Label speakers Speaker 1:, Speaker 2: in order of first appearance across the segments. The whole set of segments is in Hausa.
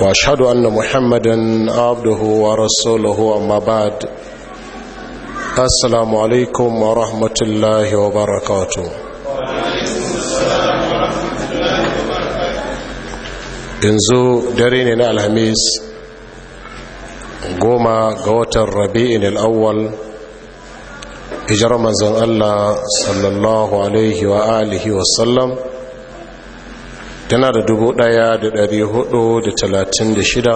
Speaker 1: واشهد ان محمدا عبده ورسوله اما بعد السلام عليكم ورحمه الله وبركاته yanzu dare ne na alhamis goma ga watan rabi'in al'awwal hijirar manzon allah sallallahu alaihi wa alihi wasallam tana da dubu ɗaya da ɗari hudu da talatin da shida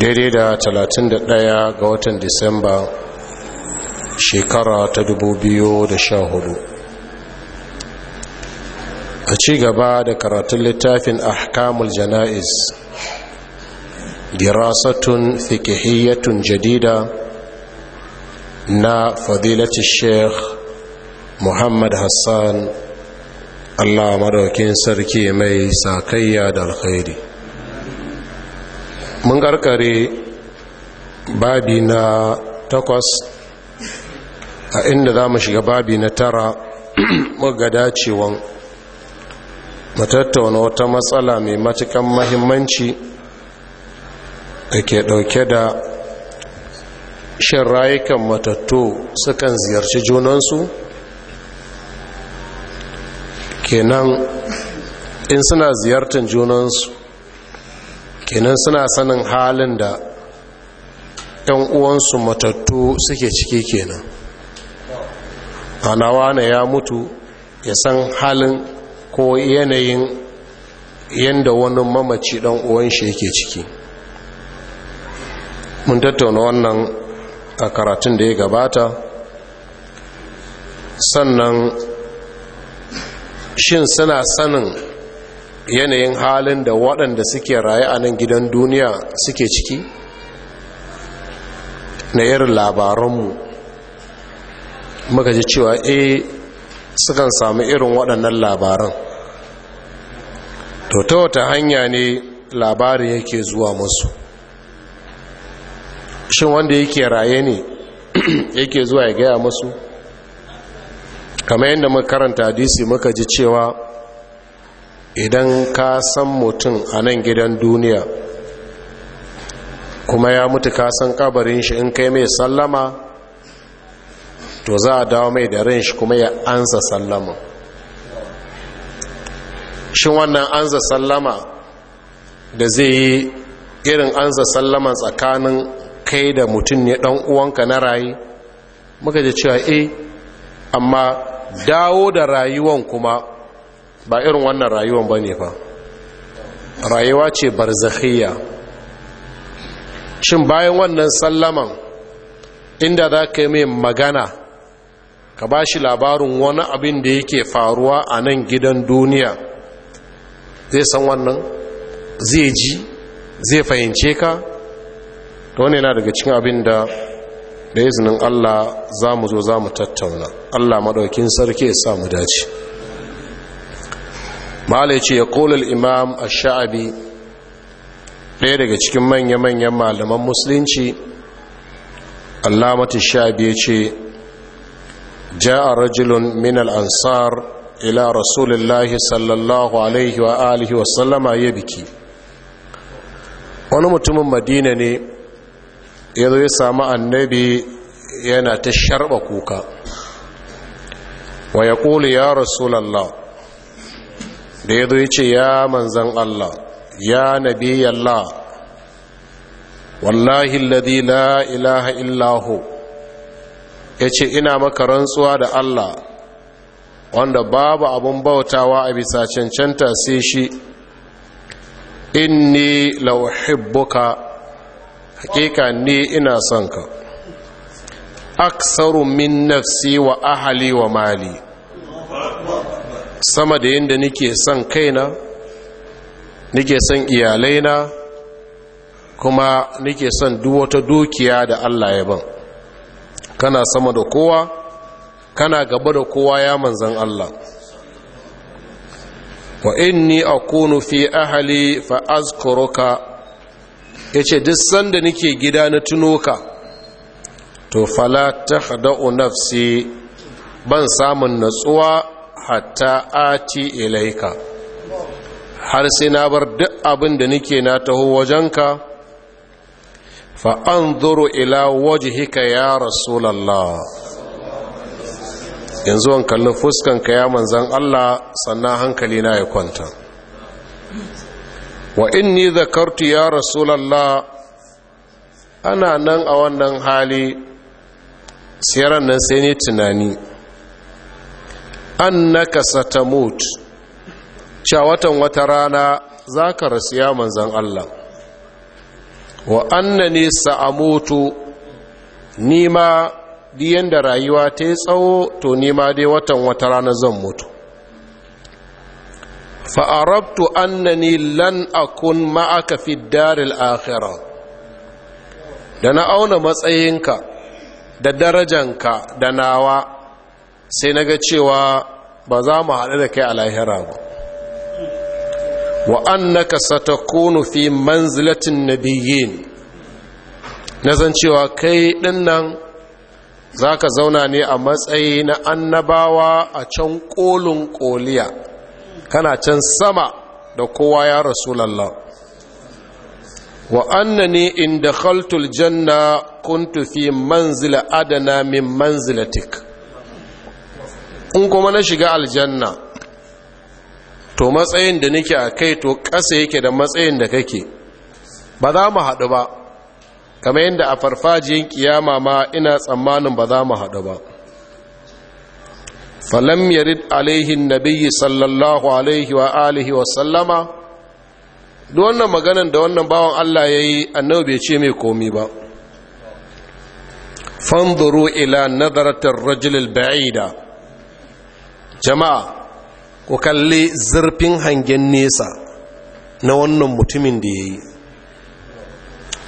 Speaker 1: daidai da talatin da ɗaya ga watan disamba shekara ta dubu biyu da sha hudu a ci gaba da karatun littafin ahkamul jana'iz girasatun fikihiyatun jadida na fadilati sheikh muhammad hassan Allah madaukin sarki mai sakayya da alkhairi mun karkare babi na takwas a inda za mu shiga babi na tara ga dacewan matattauna wata matsala mai matukan mahimmanci da ke dauke da shin rayukan matattu sukan ziyarci junansu kenan in suna ziyartar junansu kenan suna sanin halin da ‘yan uwansu matattu suke ciki kenan ana wane ya mutu ya san halin ko yanayin yadda wani mamaci ɗan uwan shi yake ciki mun tattauna wannan a karatun da ya gabata sannan shin suna sanin yanayin halin da waɗanda suke raye a nan gidan duniya suke ciki na irin labaranmu muka ji cewa e, sukan sami irin waɗannan labaran to ta wata hanya ne labarin yake zuwa musu shin wanda yake raye ne yake zuwa ya gaya masu kamar yadda muka karanta hadisi muka ji cewa idan ka san mutum a nan gidan duniya kuma ya mutu ka san kabarin shi in kai mai sallama to za a dawo mai da ran shi kuma ya ansa sallama shin wannan ansa sallama da zai yi irin ansa sallama tsakanin kai da mutum ne dan uwanka na rayu muka ji cewa eh amma dawo da rayuwan kuma ba irin wannan rayuwan ba ne fa rayuwa ce barzakhiyya shin bayan wannan sallaman inda za ka yi mai magana ka ba shi labarin wani abin da yake faruwa a nan gidan duniya zai san wannan zai ji zai fahimce ka to wani yana daga cikin abin da da izinin Allah za mu zo za mu tattauna Allah maɗaukin sarki sa mu dace malai ce ya kolal imam a sha'abi ɗaya daga cikin manya-manyan malaman musulunci allamatu sha'abi ya ce ja'a rajulun min al-ansar ila rasulillahi sallallahu alaihi wa alihi wasallama ya biki wani mutumin madina ne ya zo ya samu annabi yana ta sharba kuka wa ya ƙuli ya rasulallah da ya zo ya ce ya manzan Allah ya nabi yalla wallahi ladi la ilaha illahu ya ce ina maka rantsuwa da Allah wanda babu abun bautawa a bisa cancanta sai shi inni lauhibbuka hakika ni ina son ka aksaru min nafsi wa ahali wa mali sama da yadda nike son kaina nike son iyalaina kuma nike son wata dukiya da Allah ya ban kana sama da kowa kana gaba da kowa ya manzan Allah wa inni akunu fi ahali fa azkuruka ya ce duk sanda nake gida na tuno ka to fala ta hada'u nafsi ban samun natsuwa hatta ati ilaika har sai na bar duk abin da nake na taho wajenka fa an zuru ila wajihika ya rasulallah yanzu an kalli fuskanka ya manzan Allah sannan hankali na ya kwanta wa inni zakartu ya rasulallah ana nan a wannan hali siyaran nan sai ne tunani annaka satamut cewa watan wata rana za ka rasu manzan Allah wa annani sa'amutu nima diyan da rayuwa ta yi tsawo to nima dai watan wata rana zan mutu fa'arabtu annani lan akun ma'aka fi daril akhira da na auna matsayinka da darajanka da nawa sai na ga cewa ba za mu haɗu da kai a lahira ba wa annaka satakunu fi manzilatin nabiyyin na zan cewa kai ɗinnan za ka zauna ne a matsayi na annabawa a can ƙolin ƙoliya kana can sama da kowa ya rasulallah wa annani in dakhaltul janna kuntu fi manzila adana min manzilatik in kuma na shiga aljanna to matsayin da nake a kai to ƙasa yake da matsayin da kake ba za mu haɗu ba kamar yadda a farfajiyar kiyama ma ina tsammanin ba za mu haɗu ba falam yarid alaihi nabiyyi sallallahu alaihi wa alihi wa sallama duk wannan maganan da wannan bawan Allah yayi nawa bai ce mai komi ba fanzuru ila nadaratir rajul al-ba'ida jama'a ku kalli zurfin hangen nesa na wannan mutumin da yayi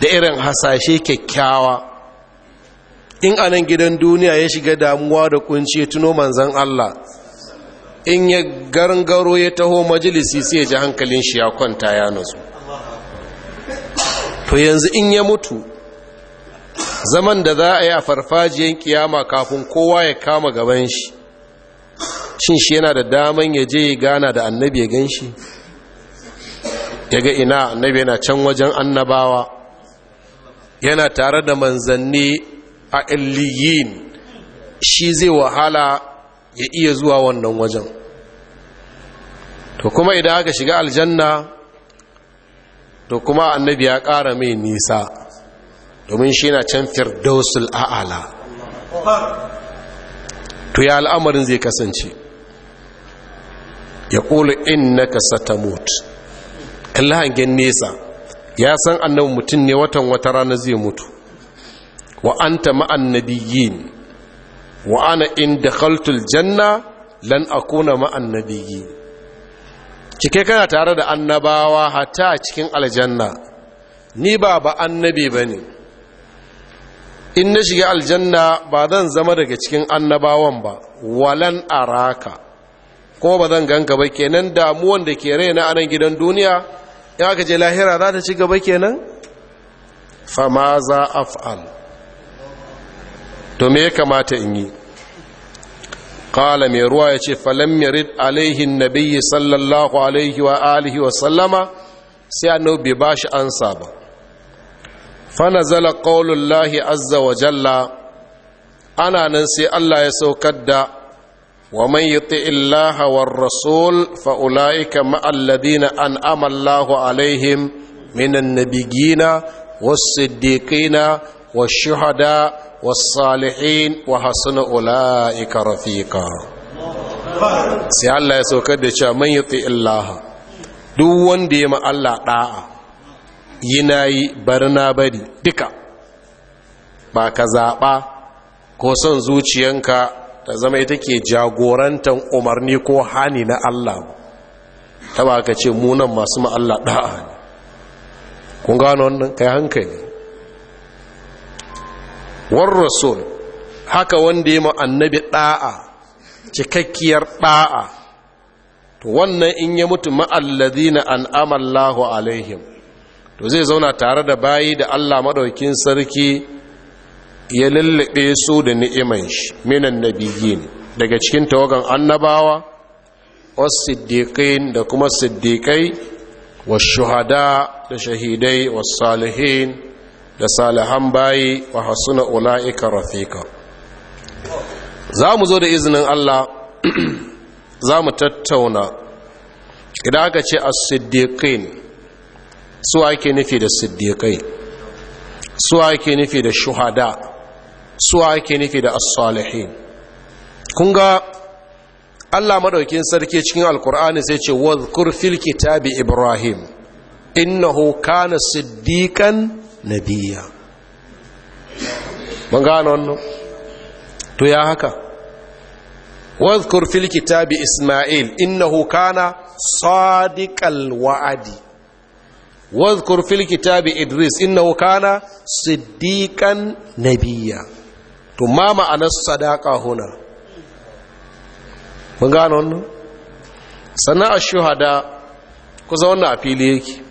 Speaker 1: da irin hasashe kyakkyawa in anan gidan duniya ya shiga damuwa da kunci ya tuno manzan Allah in ya garangaro ya taho majalisi sai ya ji hankalin shi ya kwanta ya nasu to yanzu in ya mutu zaman da za a yi a farfajiyan kiyama kafin kowa ya kama gaban shi shin shi yana da daman ya je ya gana da annabi ya gan shi ina annabi yana can wajen annabawa yana tare da manzanni a illiyin shi zai wahala ya iya zuwa wannan wajen to kuma idan aka shiga aljanna to kuma annabi ya ƙara mai nisa domin shi na can firdausul a'ala to ya al'amarin zai kasance ya ƙulu innaka satamut kalla hangen nesa ya san annabi mutum ne watan wata rana zai mutu wa anta ma'an inda wa ana in janna lan akuna ma'an cike kana tare da annabawa hata cikin aljanna ni ba ba annabi ne in na shiga aljanna ba zan zama daga cikin annabawan ba walan araka ko ba zan ganka ba kenan damuwan da ke raina anan gidan duniya ya aka je lahira za ta ci gaba kenan fama za af'al to me ya kamata in yi ƙala mai ruwa ya ce falam alaihin nabiyyi sallallahu alaihi wa alihi wa sallama sai annabi ba shi ansa ba fana zala ƙaunullahi azza wa jalla ana nan sai allah ya saukar da ومن يطع الله والرسول فأولئك مع الذين alaihim minan عليهم wasu النبيين wa shuhada والصالحين وحسن أولئك رفيقا sai Allah ya saukar da cewa man yuti illaha duk wanda ya ma ɗa'a yi yana yi barna bari duka ba ka zaɓa ko son zuciyanka ta zama ita ke jagorantar umarni ko hani na Allah ta ba ka ce munan masu ma ɗa'a ne kun gano wannan kai hankali war rasul haka wanda ya annabi ɗa'a cikakkiyar ɗa'a, to wannan in ya mutu ma'allazina an'ama Allahu alaihim to zai zauna tare da bayi da Allah madaukin sarki ya lullube su da ni'iman shi minan nabiyyin daga cikin tawagan annabawa was siddiqin da kuma siddiqai wasu shuhada da shahidai was salihin da salihan bayi wa hasuna ula'ika rafika za mu zo da izinin Allah za mu tattauna idan aka ce a siddiqin su ake nufi da siddiqai su ake nufi da shuhada su ake nufi da as-salihin kun ga Allah madaukin sarki cikin alkur'ani sai ce wadhkur fil kitabi ibrahim innahu kana siddiqan nabiya mun gano wannan to ya haka wadhkur fil kitabi isma'il innahu kana sadiqal wa'adi wadhkur fil kitabi idris innahu kana siddiqan nabiya to ma ma'anar sadaqa huna mun gano wannan sana'a a shuhada kusa wannan a fili yake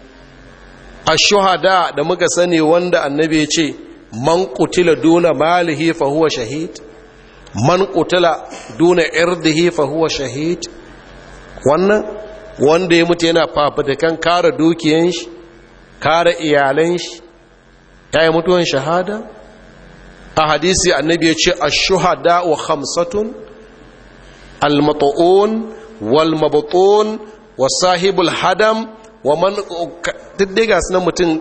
Speaker 1: ashuhada da muka sani wanda annabi ya ce man kutila duna malihi fa shahid man kutila duna irdihi fa shahid wannan wanda ya mutu yana kan kare dukiyan shi kare iyalan shi yi mutuwan shahada a hadisi annabi ya ce ashuhada wa khamsatun al-mat'un wal wa sahibul hadam wa man duk ga sunan mutum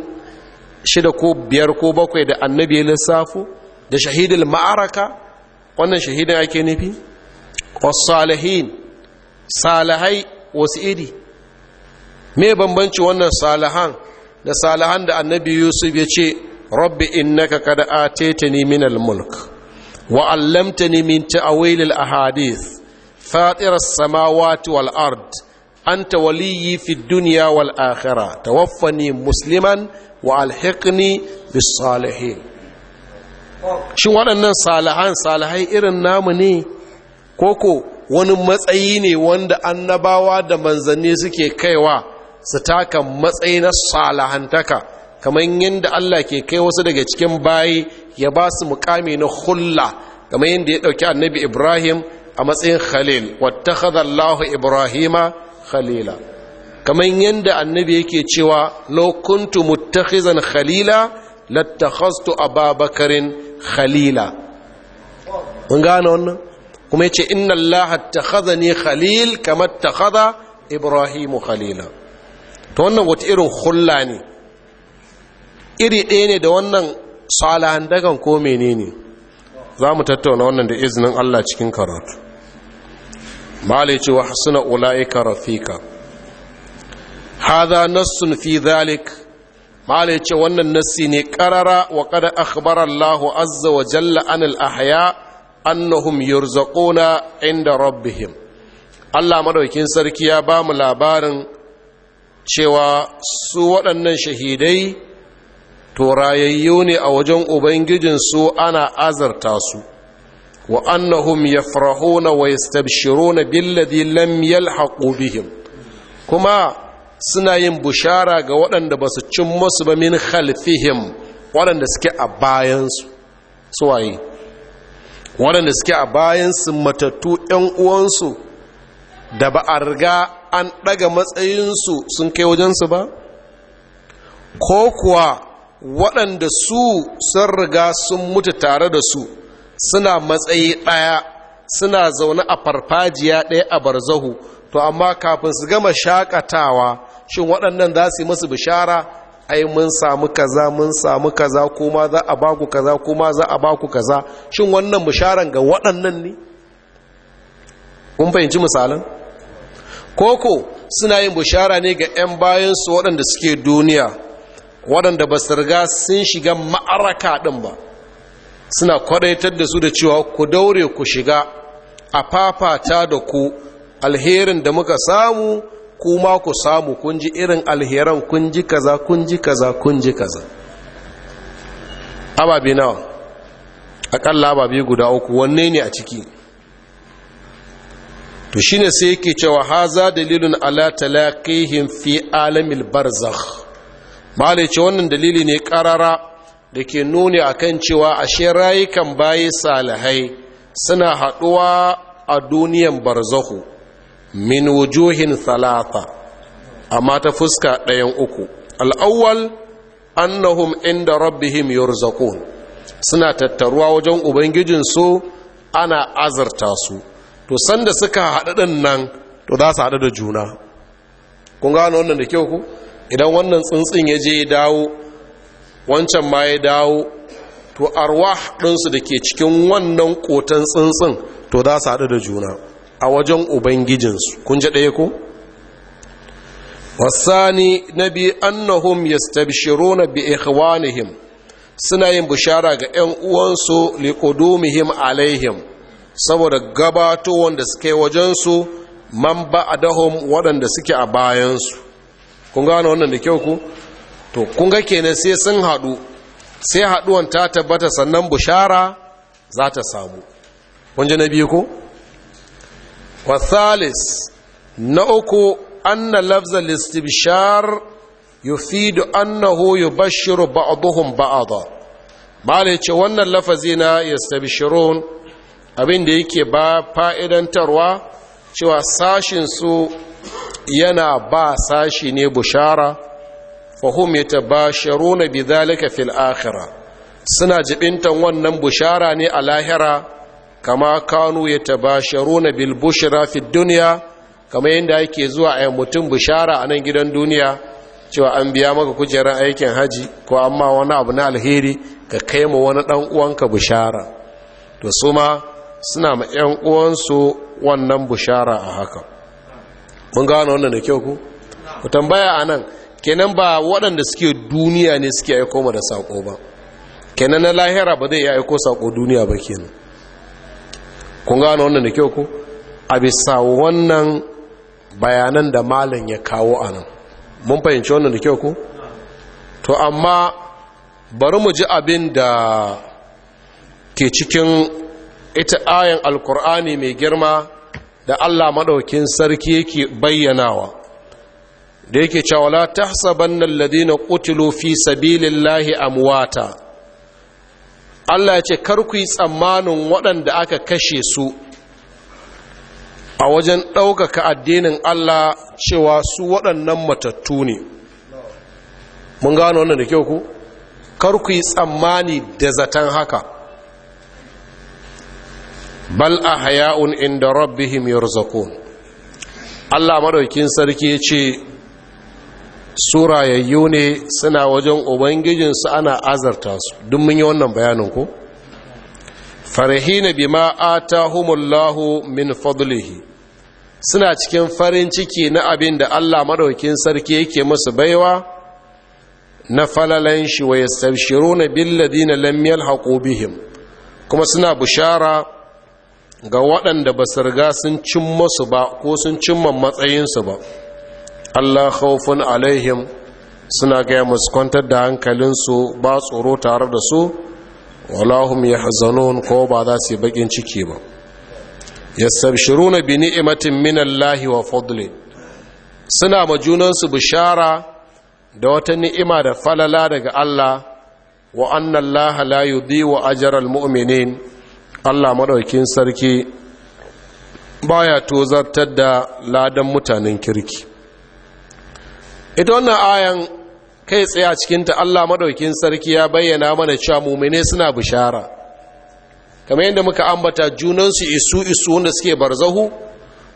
Speaker 1: shida ko biyar ko bakwai da annabi ya lissafu da shahidul ma'araka wannan shahidin ake nufi wasalihin salihai wasu iri me bambanci wannan salihan da salihan da annabi yusuf ya ce rabbi innaka kad atetani min almulk wa 'allamtani min ta'wil al-ahadith fatir as-samawati wal-ard anta waliyyi fi dunya wal akhirah tawaffani musliman wa alhiqni bis shin waɗannan salahan salihai irin namu ne wani matsayi ne wanda annabawa da manzanni suke kaiwa su taka matsayi na salahantaka kamar yadda Allah ke kai wasu daga cikin bayi ya ba su mukami na hulla kamar yadda ya ɗauki annabi Ibrahim a matsayin Khalil wattakhadha Allahu Ibrahima khalila kamar yadda annabi yake cewa lokuntu kuntu muttakhizan khalila lattakhastu ababakarin khalila mun gane wannan kuma yace inna allaha takhazani khalil kama takhadha ibrahimu khalila to wannan wata irin khulla ne iri ɗaya ne da wannan salahan dagan ko menene za mu tattauna wannan da izinin allah cikin karatu malai ce wa hasuna ula'ika rafika hadha nassun fi dhalik malai ce wannan nassi ne karara wa kada akhbara Allah azza wa jalla al ahya annahum yurzaquna inda rabbihim Allah madaukin sarki ya ba mu labarin cewa su waɗannan shahidai to rayayyu ne a wajen ubangijinsu ana azarta su wa annahum yafrahuna wa yastabshiruna billadhi lam yalhaqu bihim kuma suna yin bushara ga waɗanda ba su cin musu ba min khalfihim waɗanda suke a bayansu suwaye waɗanda suke a bayansu matattu ‘yan uwansu da ba a riga an ɗaga matsayinsu sun kai wajensu ba ko kuwa waɗanda su sun riga sun mutu tare da su suna matsayi ɗaya suna zaune a farfajiya ɗaya a barzahu to amma kafin su gama shakatawa shin waɗannan za su yi musu bishara ai mun samu kaza mun samu kaza kuma za a baku kaza kuma za a baku kaza shin wannan bisharan ga waɗannan ne kun fahimci misalan koko suna yin bishara ne ga 'yan bayansu waɗanda suke duniya waɗanda ba su riga sun shiga ma'araka ɗin ba suna kwadaitar da su da cewa ku daure ku shiga a fafata da ku alherin da muka samu kuma ku samu kun ji irin alheran kun ji kaza kun ji kaza kun ji kaza ababe nawa akalla ababe guda uku wanne ne a ciki to shine sai yake cewa haza dalilun ala talaqihim fi alamil barzakh mala ce wannan dalili ne ƙarara. da ke nuni a kan cewa ashe rayukan bayi salihai suna haɗuwa a duniyan barzahu min wujuhin thalatha amma ta fuska ɗayan uku al'awwal annahum inda rabbihim yurzaqun suna tattaruwa wajen ubangijinsu ana azurta su to sanda suka haɗaɗin nan to za su haɗu da juna kun gano wannan da kyau ku idan wannan tsuntsun ya je dawo wancan ma ya dawo to arwa ɗinsu da ke cikin wannan ƙotan tsuntsun to za su haɗu da juna a wajen ubangijinsu kun ji ɗaya ko wasani na bi annahum yastabshiruna bi ikhwanihim suna yin bishara ga 'yan uwansu liqudumihim alaihim saboda gabato wanda suke wajensu man ba'adahum waɗanda suke a bayansu kun gane wannan da kyau ku to kun ga kenan sai sun haɗu sai haɗuwan ta tabbata sannan bushara za ta samu kun ji na biyu ko wathalis na uku anna lafza listibshar yufidu annahu yubashshiru ba'dhum ba'dha mala ce wannan lafazi na yastabshirun abin da yake ba fa'idantarwa cewa sashin su yana ba sashi ne bushara fahim ya tabasharu na fil akhira suna jibintan wannan bushara ne a lahira kama kanu ya na bil bushra fid duniya kama yanda ake zuwa a mutum bushara a nan gidan duniya cewa an biya maka kujerar aikin haji ko amma wani abu na alheri ka kai mu wani dan uwanka bushara to su ma suna ma yan uwansu wannan bushara a haka mun gano wannan da kyau ku ku tambaya anan kenan ba waɗanda suke duniya ne suke aiko ma da saƙo ba kenan na lahira ba zai iya aiko saƙo duniya ba kenan kun gano wannan da kyau ko a bisa wannan bayanan da malam ya kawo a nan mun fahimci wannan da kyau ko to amma bari mu ji abin da ke cikin ita ayan alkur'ani mai girma da allah maɗaukin sarki yake bayyanawa da yake cewa la tahsabanna ladina qutilu fi sabilillahi amwata Allah ya ce kar ku yi tsammanin waɗanda aka kashe su a wajen ɗaukaka addinin Allah cewa su waɗannan matattu ne mun gano wannan da kyau ku kar ku tsammani da zaton haka bal a haya'un inda rabbihim yarzakun Allah madaukin sarki ya ce su rayayyu ne suna wajen ubangijinsu ana azarta su duk mun yi wannan bayanin ko farihina bima atahumullahu min fadlihi suna cikin farin ciki na abin da Allah maɗaukin sarki yake musu baiwa na falalan shi wa yastabshiruna bil ladina lam yalhaqu bihim kuma suna bushara ga waɗanda ba su riga sun cin musu ba ko sun cimma matsayinsu ba Allah khawfun alaihim suna gaya muskontar kwantar da hankalinsu ba tsoro tare da su walahum yahzanun ko ba za su yi bakin ciki ba na bi ni'matin min wa fadli suna ma junansu bishara da wata ni'ima da falala daga Allah wa anna Allah la yudhi'u ajra al-mu'minin Allah madaukin sarki baya tozartar da ladan mutanen kirki ita wannan ayan kai tsaye a cikinta allah maɗaukin sarki ya bayyana mana cewa mumine suna bishara kamar yadda muka ambata junansu isu isu wanda suke barzahu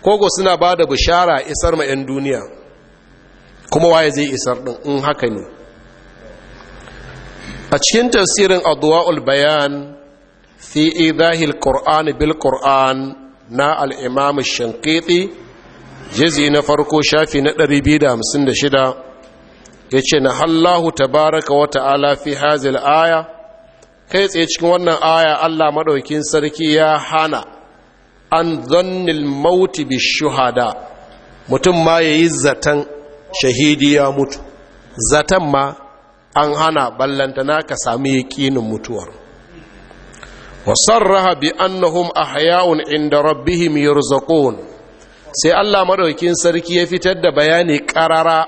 Speaker 1: kogo suna ba da bishara isar ma 'yan duniya kuma waye zai isar ɗin in haka ne a cikin tafsirin adwa'ul bayan fi idahil qur'an bil qur'an na al-imam shankiti jizi na farko shafi na 256 ya ce na hallahu tabaraka wa ta'ala fi hazil aya kai tsaye cikin wannan aya allah maɗaukin sarki ya hana an zannil mauti bi shuhada mutum ma ya yi zaton shahidi ya mutu zaton ma an hana ballantana ka sami yakinin mutuwar raha bi annahum ahya'un inda rabbihim yarzuqun sai Allah maɗaukin sarki ya fitar da bayani ƙarara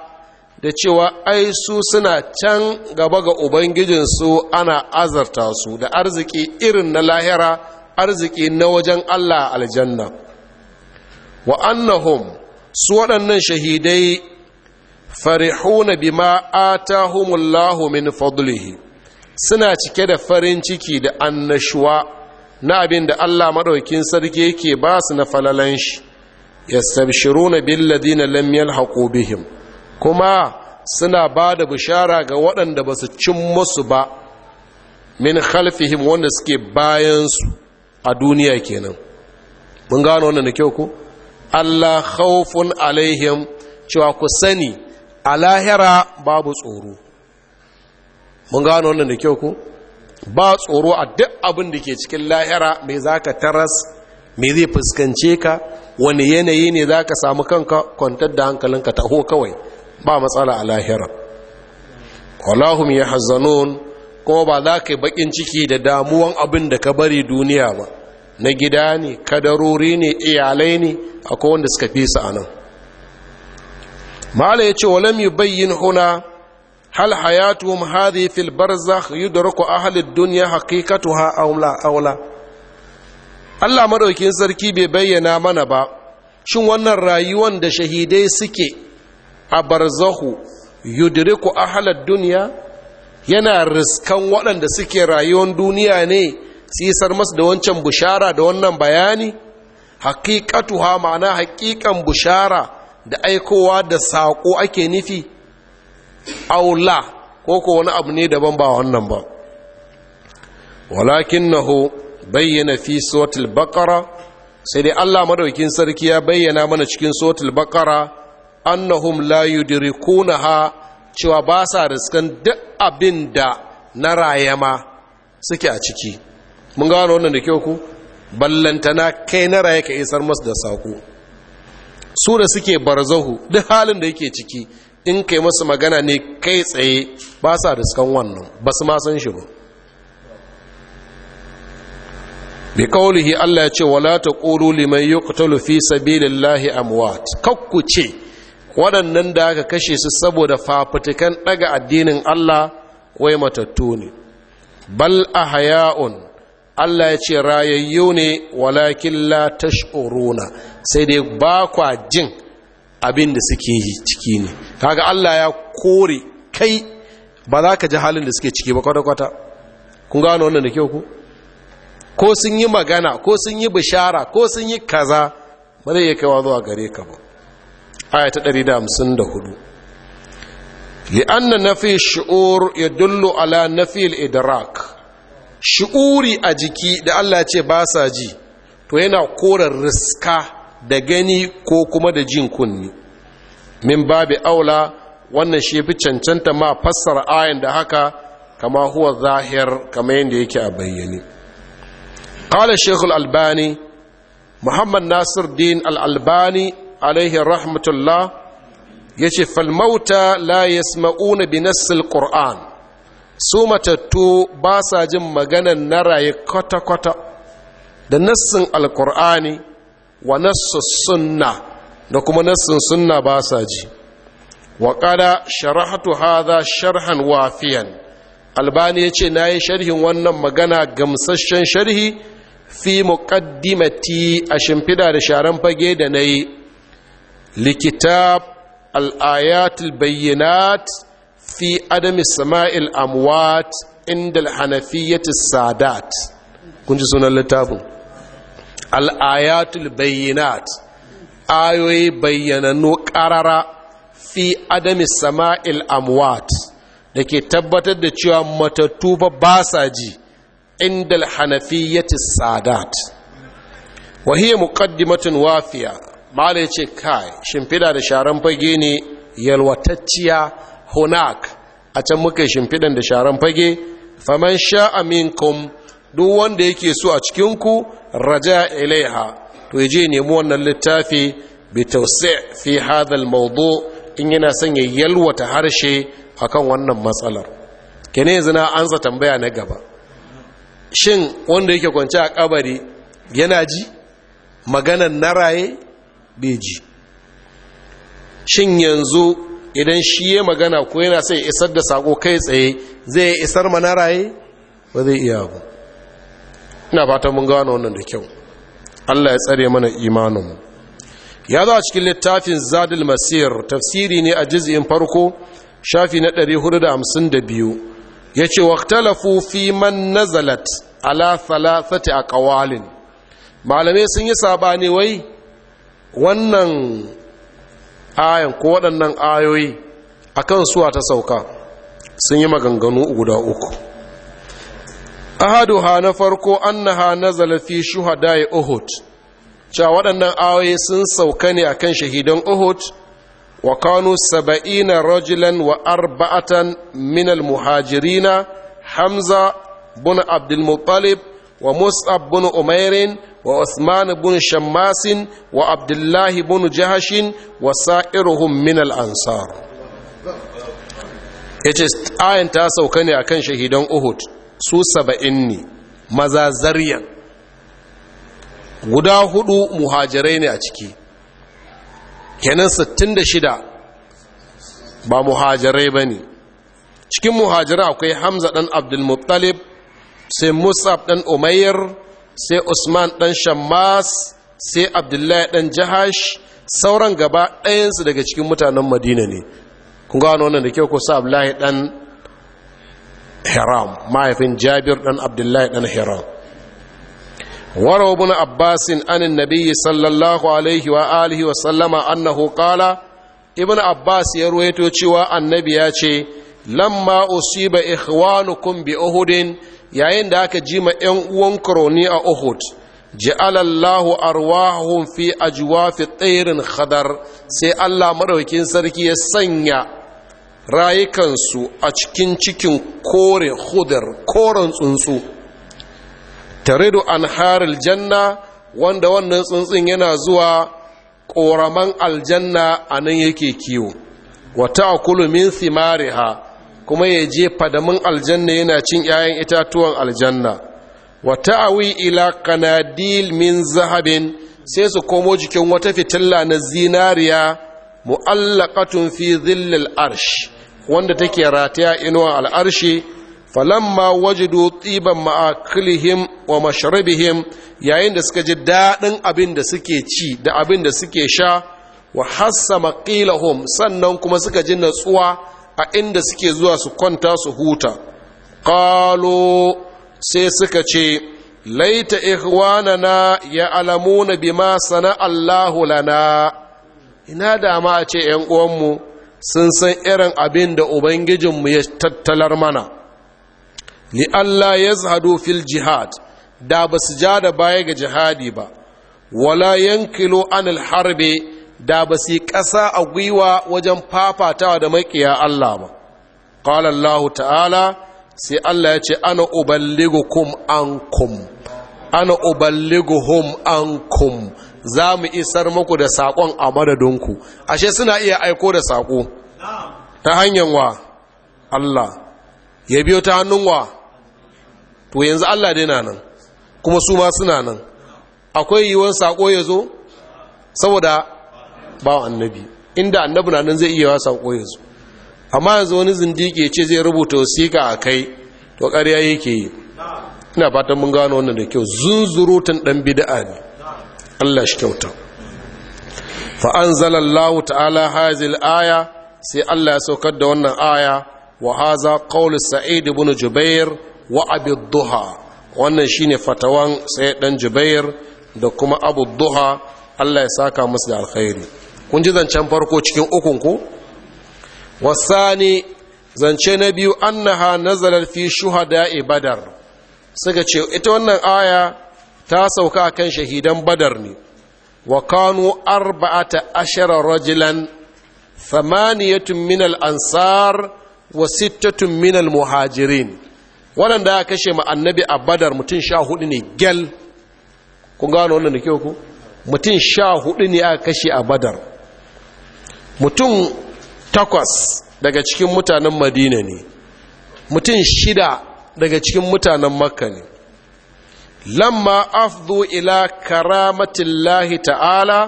Speaker 1: da cewa ai su suna can gaba ga ubangijinsu ana azarta su da arziki irin na lahira arziki na wajen Allah aljanna wa annahum su waɗannan shahidai farihuna bima atahumullahu min fadlihi suna cike da farin ciki da annashuwa na abin da Allah maɗaukin sarki yake ba su na falalan shi yastabshiruna bil ladina lam yalhaqu bihim kuma suna bada da bishara ga waɗanda ba su cin musu ba min khalfihim wanda suke bayansu a duniya kenan mun gano wannan da kyau ko Allah khawfun alaihim cewa ku sani a lahira babu tsoro mun gano wannan da kyau ko ba tsoro a duk abin da ke cikin lahira mai zaka taras me zai fuskance ka wani yanayi ne za ka samu kanka kwantar da hankalinka taho kawai ba matsala a lahira walahum ya hazanun kuma ba za ka yi bakin ciki da damuwan abin da ka bari duniya ba na gida ne kadarori ne iyalai ne akwai wanda suka fi su a nan mala ya ce walam yi bayyin huna hal hayatuhum hadhi fil barzakh yudraku ahli ad-dunya haqiqatuha aw la Allah madaukin sarki bai bayyana mana ba shin wannan rayuwan da shahidai suke a barzahu yudriku ahlad duniya yana riskan waɗanda suke rayuwan duniya ne sisar masu da wancan bushara da wannan bayani ha ma'ana haƙiƙan bushara da aikowa da saƙo ake nufi aula ko ko wani abu ne daban ba wannan ba walakin naho bayyana fi sotil bakara, sai dai Allah madaukin sarki ya bayyana mana cikin sotil bakara annahum la yudrikunaha cewa ba sa riskan duk abin da na rayama suke a ciki mun gano wannan da kyau ku ballantana kai na raye ka isar masu da sako su da suke barzahu duk halin da yake ciki in kai masu magana ne kai tsaye ba sa riskan wannan ba su ma san shi ba bi kaulihi Allah ya ce wala taqulu liman yuqtalu fi sabilillahi amwat kakku ce waɗannan da aka kashe su saboda fafutukan ɗaga addinin Allah wai matattu ne bal ahya'un Allah ya ce rayayyu ne walakin la tash'uruna sai dai ba kwa jin abin da suke yi ciki ne kaga Allah ya kore kai ba za ka ji halin da suke ciki ba kwata-kwata kun gano wannan da kyau ku ko sun yi magana ko sun yi bishara ko sun yi kaza ba zai iya kaiwa zuwa gare ka ba aya ta 154 li'anna nafi ya dullo ala na idrak shu'uri a jiki da Allah ce ba sa ji to yana kora riska da gani ko kuma da jin kunni min babi aula wannan shi fi cancanta ma fassara ayan da haka kama huwa zahir kama yadda yake a bayyane qala shaykh albani muhammad nasir din al-albani alaihi rahmatullah yace fal mauta la yasma'una bi nass al-qur'an su matattu basa sa jin maganan na raye kwata kwata da nassin al-qur'ani wa nassus sunna da kuma nassin sunna basa ji wa qala sharahtu hadha sharhan wafiyan albani yace yi sharhin wannan magana gamsasshen sharhi fi muqaddimati a shimfida da sharan fage da na yi likitab al'ayatul bayyanat fi adami sama'il amwat inda alhanafiyyati sadat kun ji sunan littafin al'ayatul bayyanat ayoyi bayyananu ƙarara fi adami sama'il amwat da ke tabbatar da cewa matattu ba ba sa ji inda al-hanafiyyati sadat wa hiya muqaddimatun wafiya mala kai shimfida da sharan fage ne yalwatacciya hunak a can muka shimfidan da sharan fage faman sha'a minkum duk wanda yake so a cikin ku raja ilaiha to ya yaje nemi wannan littafi bi tawsi' fi hadha in yana son ya yalwata harshe akan wannan matsalar kene yanzu na ansa tambaya na gaba shin wanda yake kwanci a kabari yana ji maganan na raye bai ji shin yanzu idan shi ya magana ko yana sai isar da sako kai tsaye zai isar ma na raye ba zai iya ba ina fatan mun gano wannan da kyau Allah ya tsare mana mu. ya zo a cikin littafin zadul masir tafsiri ne a jiz'in farko shafi na 452 ya ce waktalafu fi man nazalat ala thalathati a ƙawalin malamai sun yi sabani wai wannan ayan ko waɗannan ayoyi akan suwa ta sauka sun yi maganganu guda uku ha na farko annaha nazala fi shuhada'i uhud cewa waɗannan ayoyi sun sauka ne akan shahidan uhud wa kanu saba'ina rajulan wa arba'atan min muhajirina hamza bin abdul muttalib wa Musa bin umairin wa usman bin shammasin wa abdullahi bin jahashin wa sa'iruhum min al-ansar yace ta sauka ne akan shahidan uhud su saba'in ne maza zaryan guda huɗu muhajirai ne a ciki kenan 66 ba muhajirai ba ne cikin muhajirai akwai hamza ɗan abdulmuttalib sai musab ɗan umayyar sai usman ɗan shammas sai abdullahi ɗan jahash sauran gaba ɗayansu daga cikin mutanen madina ne kun gano wannan da kyau ko sa abdullahi ɗan hiram mahaifin jabir ɗan abdullahi ɗan hiram وروى ابن عباس عن النبي صلى الله عليه وآله وسلم أنه قال ابن عباس يرويته شوى النبي ياتي لما أصيب إخوانكم بأهد yayin da aka ji ma 'yan uwan koroni a uhud ji'alallahu arwahum fi ajwafi tsairin khadar sai allah maɗaukin sarki ya sanya rayukansu a cikin cikin kore hudar koren tsuntsu Tare an haril janna wanda wannan tsuntsun yana zuwa ƙoraman aljanna a nan yake kiwo wata akulu min simariha kuma ya je fadamin aljanna yana cin 'ya'yan itatuwan aljanna wata awi ila kanadil min zahabin sai su komo jikin wata fitilla na zinariya mu'allakatun fi zillil arshi wanda take rataya inuwa al'arshi falamma wajidu tsiban ma'aklihim wa mashrabihim yayin da suka ji daɗin abin da suke ci da abin da suke sha wa hassa maqilahum sannan kuma suka ji natsuwa a inda suke zuwa su kwanta su huta qalu sai suka ce laita ikhwanana ya alamuna bima sana Allahu lana ina da a ce ‘yan uwanmu sun san irin abin da Ubangijinmu ya tattalar mana, Ni Allah yazhadu fil jihad da ba su ja da baya ga jihadi ba wala yankilo anil harbe da ba su ƙasa a gwiwa wajen fafatawa da maƙiya Allah ba qala Allah ta'ala sai Allah ya ce ana uballigukum ankum ana uballiguhum ankum za mu isar muku da saƙon a madadinku ashe suna iya aiko da saƙo ta hanyar wa Allah ya biyo ta hannun wa to yanzu Allah dai na nan kuma su ma suna nan akwai yiwuwar sako ya zo saboda ba annabi inda annabi na nan zai iya wa sako ya zo amma yanzu wani ke ce zai rubuta wasiƙa a kai to ƙarya yake yi ina fatan mun gano wannan da kyau zunzurutun dan bida'a ne Allah shi kyauta fa anzalallahu ta'ala hazil aya sai Allah ya saukar da wannan aya wa haza qaulu sa'id ibn jubair wa duha wannan shine fatawan sai ɗan jubair da kuma abu duha allah ya saka musu da alkhairi kun ji zancen farko cikin ukun ku wasani zance na biyu annaha nazalar fi shuhada ibadar suka ce ita wannan aya ta sauka a kan shahidan badar ne wa kanu arba'ata ashara rajulan thamaniyatun minal ansar wa sittatun min muhajirin waɗanda ya kashe ma annabi a badar mutum sha hudu ne gel kun gano wannan da ke ku mutum sha hudu ne aka kashe a badar mutum takwas daga cikin mutanen madina ne mutum shida daga cikin mutanen makka ne lamma afdu ila karamatillahi ta'ala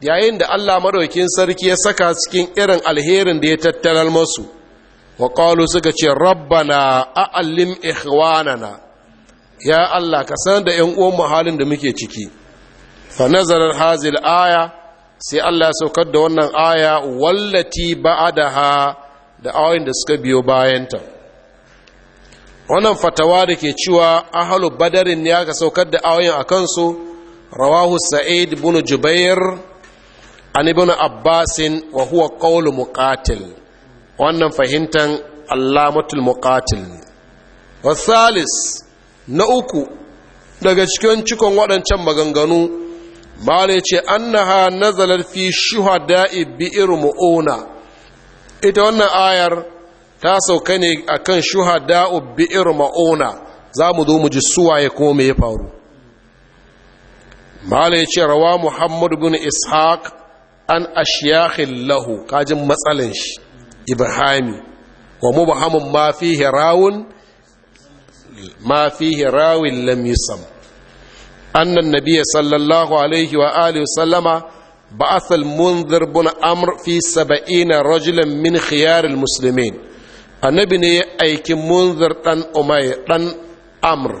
Speaker 1: yayin da allah maraukin sarki ya saka cikin irin alherin da ya tattalar masu wa suka ce rabbana a'allim ikhwanana ya Allah ka san da yan uwan halin da muke ciki fa nazara hazil aya sai Allah ya saukar da wannan aya wallati ba'adaha da ayoyin da suka biyo bayanta wannan fatawa da ke cewa ahalu badarin ya ka saukar da ayoyin a kansu rawahu sa'id bin jubair an ibn abbasin wa huwa qawlu muqatil wannan fahimtan alamatul muqatil ne wasalis na uku daga cikin cikon waɗancan maganganu mala ce annaha nazalar fi shuhada'i bi'ir mu'una ita wannan ayar ta sauka ne akan shuhada'u bi'ir mu'una za mu zo mu ji suwaye kuma me ya faru mala ya ce rawa Muhammadu bin ishaq an ashiyakhin lahu kajin matsalin shi ibhami wa mubhamun ma fihi rawun ma fihi rawin lam yusam anna an-nabiy sallallahu alaihi wa alihi sallama ba'atha al-munzir bin amr fi 70 rajulan min khiyar al-muslimin annabi ne ya aiki munzir dan umayr dan amr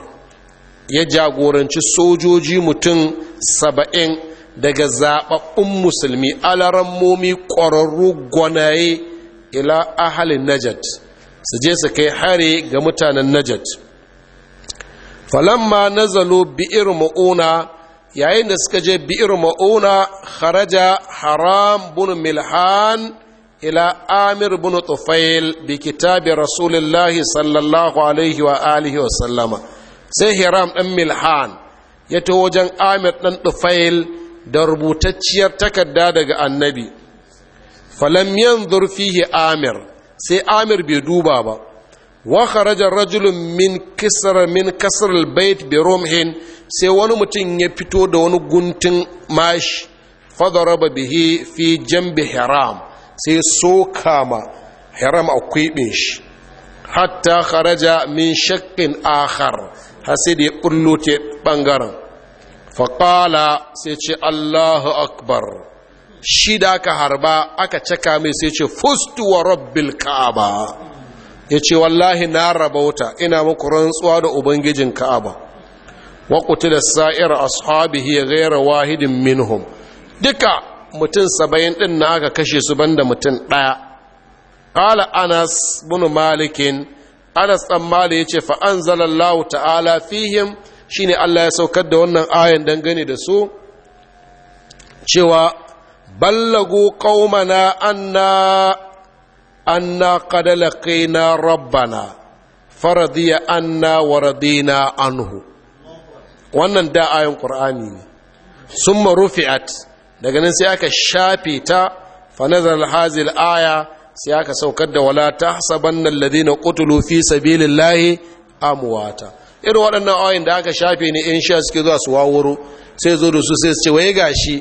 Speaker 1: ya jagoranci sojoji mutum saba'in daga zaɓaɓɓun musulmi alarammomi ƙwararru gwanaye ila ahalin najat su je su kai hari ga mutanen najat falamma nazalu bi'ir ma'una yayin da suka je bi'ir ma'una kharaja haram bin milhan ila amir bin tufail bi kitabi rasulillahi sallallahu alaihi wa alihi wa sallama sai hiram ɗan milhan ya ta wajen amir ɗan tufail da rubutacciyar takarda daga annabi falam yanzur fihi amir sai amir bai duba ba wa kharaja rajulun min kisr min kasr albayt sai wani mutum ya fito da wani guntun mashi fadaraba bihi fi jambi haram sai soka ma hiram a kwiɓin shi hatta kharaja min shakkin akhar har sai da ya bullo ta bangaren faƙala sai ce allahu akbar Shida da aka harba aka caka mai sai ce fustu wa rabbil ka'aba ya ce wallahi na rabauta ina muku rantsuwa da ubangijin ka'aba wa da sa'ir ashabihi gaira wahidin minhum duka mutum saba'in din na aka kashe su banda mutum ɗaya ƙala anas bin malikin anas ɗan mali ya ce fa'an zalallahu ta'ala fihim shine allah ya saukar da wannan ayan dangane da su cewa ballagu qaumana anna anna qad laqina rabbana faradiya anna wa radina anhu wannan da ayin qur'ani ne summa rufi'at daga nan sai aka shafe ta fa nazal aya sai aka saukar da wala tahsabanna alladhina qutulu fi sabilillahi amuwata. irin waɗannan ayoyin da aka shafe ne in sha suke zuwa su wawuro sai zo da su sai su ce waye gashi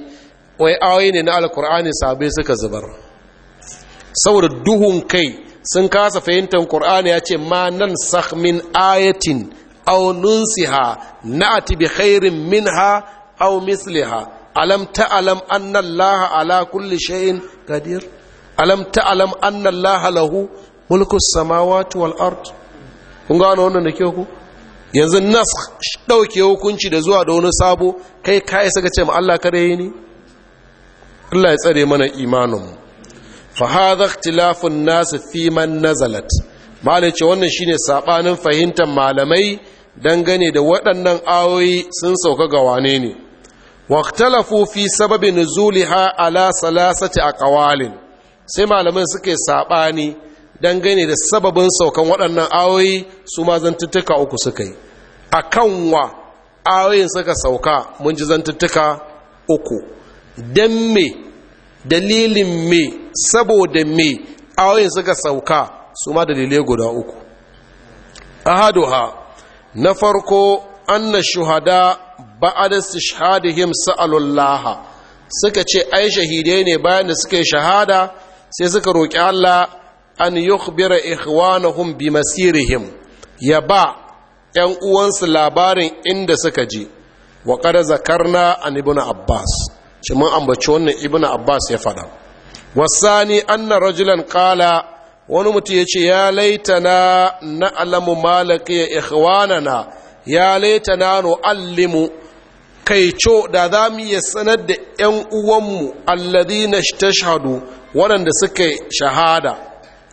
Speaker 1: wai ayoyi ne na alkur'ani sabai suka zubar saboda duhun kai sun kasa fahimtar qur'ani ya ce ma nan min ayatin aw nunsiha na'ti bi khairin minha aw misliha alam ta'lam anna allaha ala kulli shay'in qadir alam ta'lam anna allaha lahu mulku samawati wal ard kun gano wannan da kyau ku yanzu nas ɗauke hukunci da zuwa da wani sabo kai kai saka ce ma Allah kare ni Allah ya tsare mana mu fa hadha ikhtilafun nas fi man nazalat malai ce wannan shine sabanin fahimtar malamai dangane da waɗannan ayoyi sun sauka ga wane ne waqtalafu fi sababi nuzuliha ala salasati aqwalin sai malaman suke sabani dangane da sababin saukan waɗannan ayoyi su ma zantuttuka uku suka yi akan wa ayoyin suka sauka mun ji zantuttuka uku dan me dalilin me saboda me ayoyin suka sauka su ma dalilai guda uku ahaduha na farko anna shuhada ba'ad shahadihim sa'alullah suka ce ai shahidai ne bayan da suka yi shahada sai suka roki Allah an yukhbira ikhwanahum bi masirihim ya ba ‘yan uwansu labarin inda suka je, wa ƙada zakarna an ibnu Abbas. shi mun ambaci wannan Ibn abbas ya faɗa wasani anna rajulan qala wani mutum ya ce ya laitana na alamu malaki ya na, ya laitana no allimu kai co da za mu iya sanar da 'yan uwanmu ta tashhadu waɗanda suka shahada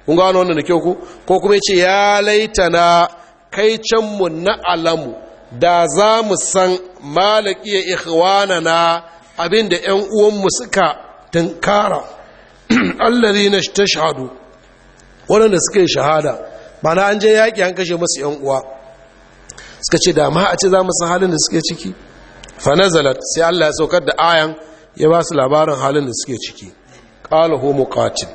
Speaker 1: kun gano wannan da kyau ku ko kuma ya ce ya laitana kai canmu na alamu da za mu san malaki ya na. abin da ‘yan uwanmu suka tunkara allazi na ta shahadu waɗanda suka yi shahada ba na an je yaƙi an kashe masu ‘yan uwa suka ce da ma a ce za mu san halin da suke ciki fanazalat sai allah ya saukar da ayan ya ba su labarin halin da suke ciki ƙalahu muqatil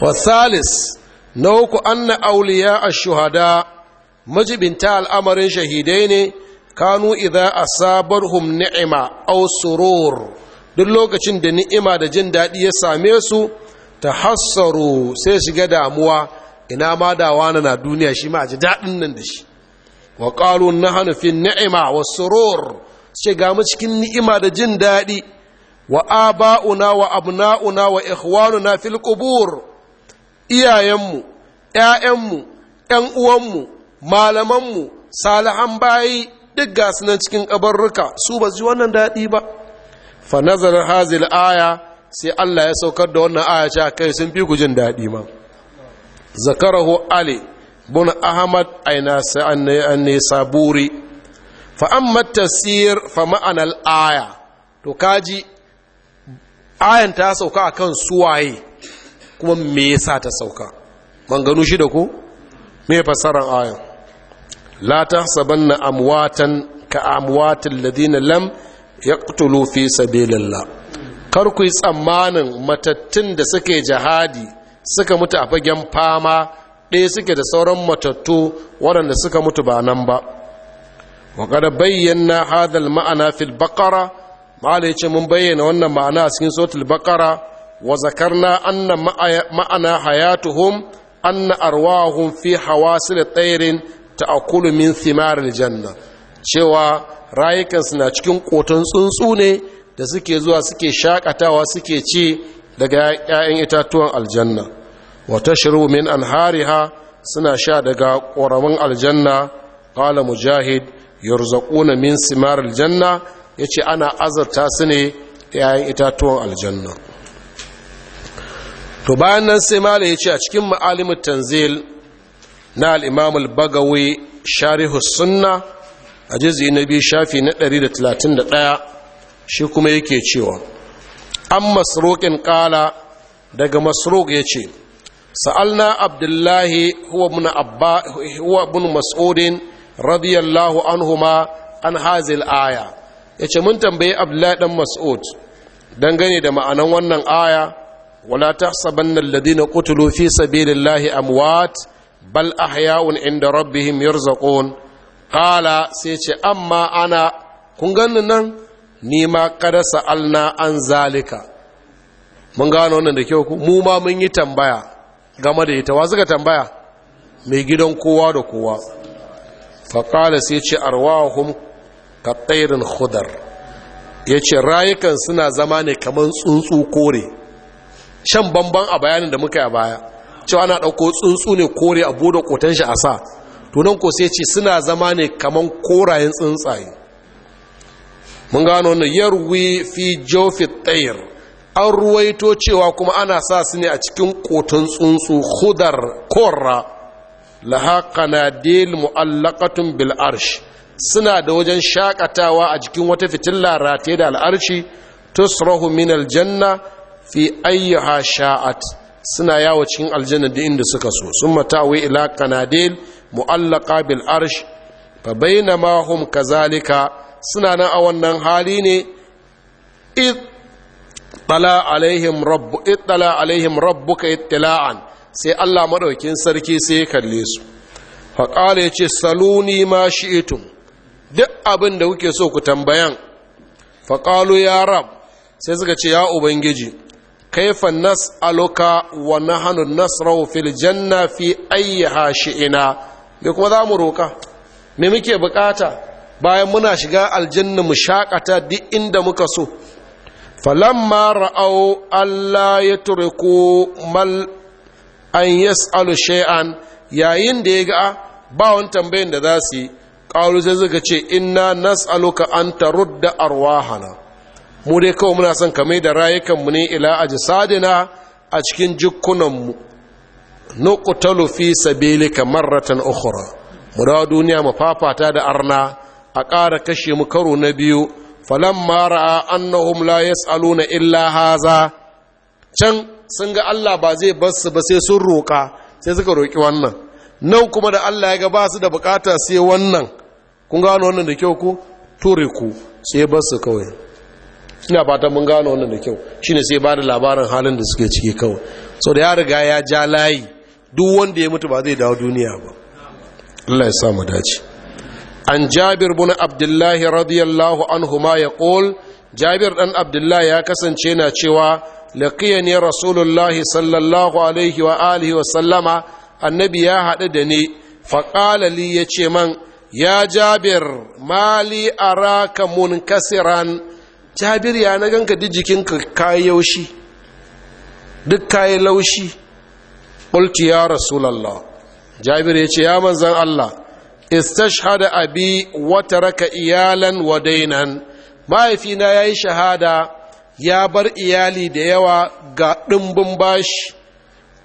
Speaker 1: wasalis na uku anna auliya a shuhada majibinta al'amarin shahidai ne kanu idza asabarhum ni'ima aw surur duk lokacin da ni'ima da jin daɗi ya same su tahassaru sai shiga damuwa ina ma da wani na duniya shi ma ji daɗin nan da shi wa qalu nahnu fi ni'ima was surur sai ga mu cikin ni'ima da jin daɗi wa aba'una wa abna'una wa ikhwanuna fil qubur iyayenmu ƴaƴanmu ƴan uwanmu malamanmu salihan bayi duk ga su nan cikin kabarruka su ba ji wannan daɗi ba fa nazar hazil aya sai Allah ya saukar da wannan aya cewa kai sun fi ku jin daɗi ma zakarahu ali bin ahmad aina sa'anne saburi fa amma tafsir fa al aya to kaji ayan ta sauka akan suwaye kuma me yasa ta sauka man gano shi da ku me fasaran ayan la tahsabanna amwatan ka amwatil ladina lam yaqtulu fi sabilillah kar kuyi tsammanin matattun da suke jihadi suka mutu a fagen fama ɗaya suke da sauran matattu waɗanda suka mutu ba nan ba wa kada bayyana hadal ma'ana fil baqara mala yace mun bayyana wannan ma'ana a cikin suratul baqara wa zakarna anna ma'ana hayatuhum anna arwahum fi hawasil tayrin ta'akulu min thimar janna cewa rayukansu na cikin koton tsuntsu ne da suke zuwa suke shakatawa suke ci daga 'ya'yan itatuwan aljanna wa tashru min anhariha suna sha daga ƙoramin aljanna qala mujahid yurzaquna min thimar janna yace ana azarta su ne 'ya'yan itatuwan aljanna to bayan nan sai mala yace a cikin ma'alimin tanzil na al'imam al-bagawi sharihu sunna a jizi na biyu shafi na ɗaya. shi kuma yake cewa an masrokin ƙala daga masrok ya ce sa'alna abdullahi huwa bin mas'udin radiyallahu anhuma an hazil aya ya ce mun tambayi abdullahi dan mas'ud dangane da ma'anan wannan aya wala ta sabannan ladina kutulu fi sabilillahi amwat bal ahya'un inda rabbihim yarzaqun qala sai ce amma ana kun ganni nan ni ma kada sa'alna an zalika mun gano wannan da kyau ku mu ma mun yi tambaya game da ita wa suka tambaya mai gidan kowa da kowa qala sai ce arwahum ka tsairin hudar ya ce rayukan suna zama ne kamar tsuntsu kore shan bamban a bayanin da muka yi a baya cewa ana ɗauko tsuntsu ne kore a bude kotan shi a sa tunan ko sai ce suna zama ne kaman korayen tsuntsaye mun gano na yarwi fi jofi tsayir an ruwaito cewa kuma ana sa su ne a cikin koton tsuntsu hudar korra laha kanadil mu'allaqatun bil arshi suna da wajen shakatawa a jikin wata fitilla rataye da al'arshi tusrahu min janna fi ayyaha sha'at suna yawo cikin aljanna da inda suka so sun matawi ila kanadil mu'allaqa bil arsh fa bainama hum kazalika suna nan a wannan hali ne tala alaihim rabbu tala alaihim rabbuka ittila'an sai Allah madaukin sarki sai ya kalle su fa qala yace saluni ma shi'tum duk abin da kuke so ku tambayan fa qalu ya rab sai suka ce ya ubangiji kaifa nas'aluka wa nahnu nasrahu fil janna fi ayyiha shi'ina me kuma zamu roka me muke bukata bayan muna shiga aljanna mu shakata duk inda muka so falamma ra'aw alla yatruku mal an yas'alu shay'an yayin da ya ga ba wani tambayin da za su yi ƙalu sai suka ce inna nas'aluka an tarudda arwahana mu dai kawai muna son kame da rayukanmu ne ila a jisadina a cikin jikunanmu nuqtalu fi kamar ratan ukhura, mu dawo duniya mu fafata da arna a ƙara kashe mu karo na biyu falan ra'a annahum la yas'aluna illa haza can sun ga Allah ba zai bar su ba sai sun roƙa sai suka roƙi wannan nan kuma da Allah ya ga ba su da bukata sai wannan kun gano wannan da kyau ku turiku sai basu kawai Suna fatan mun gano wannan da kyau shine sai ba da labarin halin da suke ciki kawai sau da ya riga ya ja layi duk wanda ya mutu ba zai dawo duniya ba Allah ya samu dace an jabir bin abdullahi radiyallahu anhu ma ya jabir dan abdullahi ya kasance na cewa laqiyani rasulullahi sallallahu alaihi wa alihi wa sallama annabi ya haɗu da ni faƙala li ya ce man ya jabir mali araka munkasiran jabir ya na ganka duk jikinka kayi yaushi duk kayi laushi ƙulti ya rasulallah jabir ya ce ya manzan Allah istashhada abi wata raka iyalan wa dainan mahaifina ya yi shahada ya bar iyali da yawa ga dimbin bashi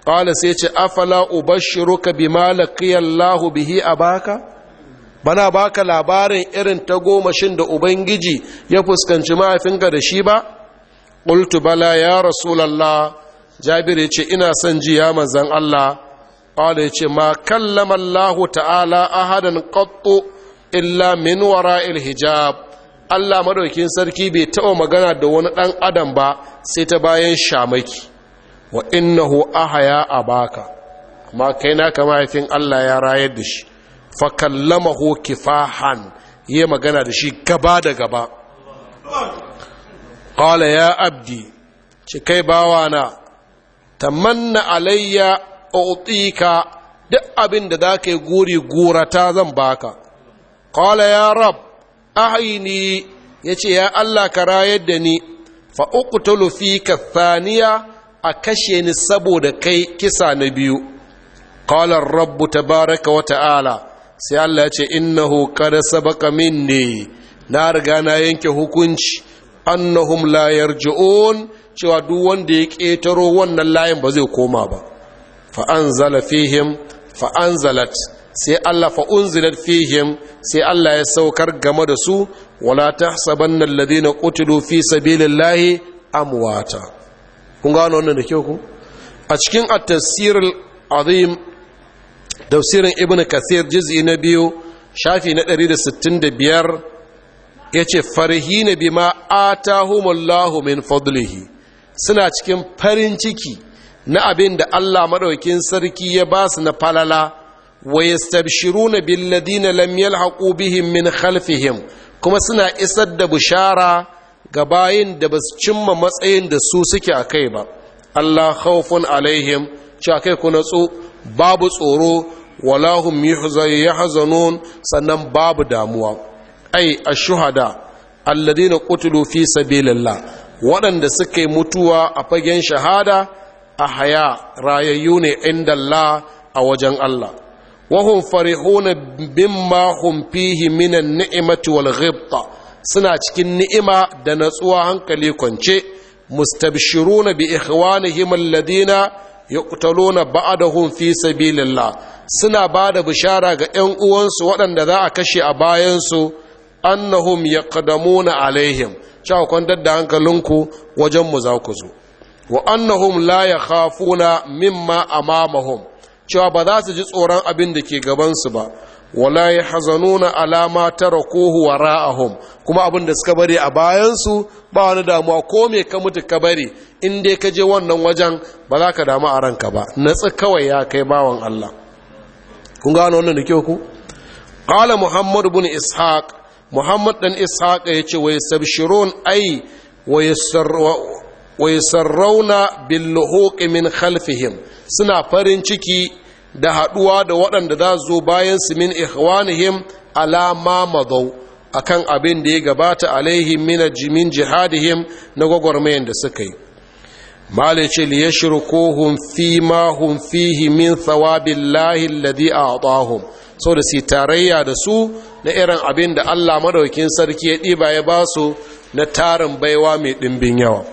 Speaker 1: qala sai ce afala ubashshiruka bi laqiya Allah bihi baka. bana baka labarin irin ta gomashin da ubangiji ya fuskanci mahaifinka da shi ba ƙultu bala ya rasu lalla. jabir ya ce ina son ji ya manzan Allah ƙwada ya ce ma kallama Allah ta'ala ahadan qattu illa min wara'il hijab Allah madaukin sarki bai taɓa magana da wani ɗan adam ba sai ta bayan shamaki wa innahu ahaya abaka amma kai na kama haifin Allah ya rayar da shi fa kifahan yi magana da shi gaba da gaba qala ya abdi ce kai na, tamanna alayya utika duk abin da zaka yi guri gurata zan baka qala ya rab ahini yace ya Allah ka rayar da ni fa uqtulu ka thaniya a kashe ni saboda kai kisa na biyu qala rabu ta baraka wa ta'ala sai Allah ya ce innahu qad sabaqa minni na riga na yanke hukunci annahum la yarji'un cewa duk wanda ya ƙetaro wannan layin ba zai koma ba fa anzala fihim fa anzalat sai Allah fa unzilat fihim sai Allah ya saukar game da su wala tahsabanna alladhina qutilu fi sabilillahi amwata kun gano wannan da kyau ku a cikin at-tafsir azim tafsirin ibn kasir juz'i na biyu shafi na 165 yace farihina bima atahumullahu min fadlihi suna cikin farin ciki na abin da Allah madaukin sarki ya ba su na falala wa na bil ladina lam yalhaqu min khalfihim kuma suna isar da bushara ga bayin da ba su cimma matsayin da su suke a kai ba Allah khawfun alaihim cewa kai ku babu tsoro walahum yahzanun sannan babu damuwa ai ashuhada alladhina qutilu fi sabilillah waɗanda suka yi mutuwa a fagen shahada a haya rayayyu ne inda Allah a wajen Allah wahum farihuna bimma hum fihi minan ni'mati wal ghibta suna cikin ni'ima da natsuwa hankali kwance mustabshiruna bi ikhwanihim alladhina yuqtaluna ba'dahum fi sabilillah suna ba da bishara ga 'yan uwansu waɗanda za a kashe a bayansu annahum yaqdamuna alaihim cewa kwantar dadda hankalinku wajen mu za ku zo wa annahum la yakhafuna mimma amamahum cewa ba za su ji tsoron abin da ke gabansu ba wala ya hazanuna alama tara kohu wa ra'ahum kuma abin da suka bari a bayansu ba wani damuwa ko me ka mutu ka bari in dai ka je wannan wajen ba za ka damu a ranka ba natsi kawai ya kai bawan Allah kun gano wannan da kyau ku qala muhammad ibn ishaq muhammad dan ishaq yace wa yasabshirun ay wa yasarrauna bil min khalfihim suna farin ciki da haɗuwa da waɗanda za zo bayan su min ikhwanihim alama madau akan abin da ya gabata alaihim min jimin jihadihim na gwagwarmayan da suka yi malai ce li yashrukuhum fi ma hum fihi min thawabillahi alladhi a'tahum so da su tarayya da su na irin abin da Allah madaukin sarki ya ɗiba ya ba su na tarin baiwa mai ɗimbin yawa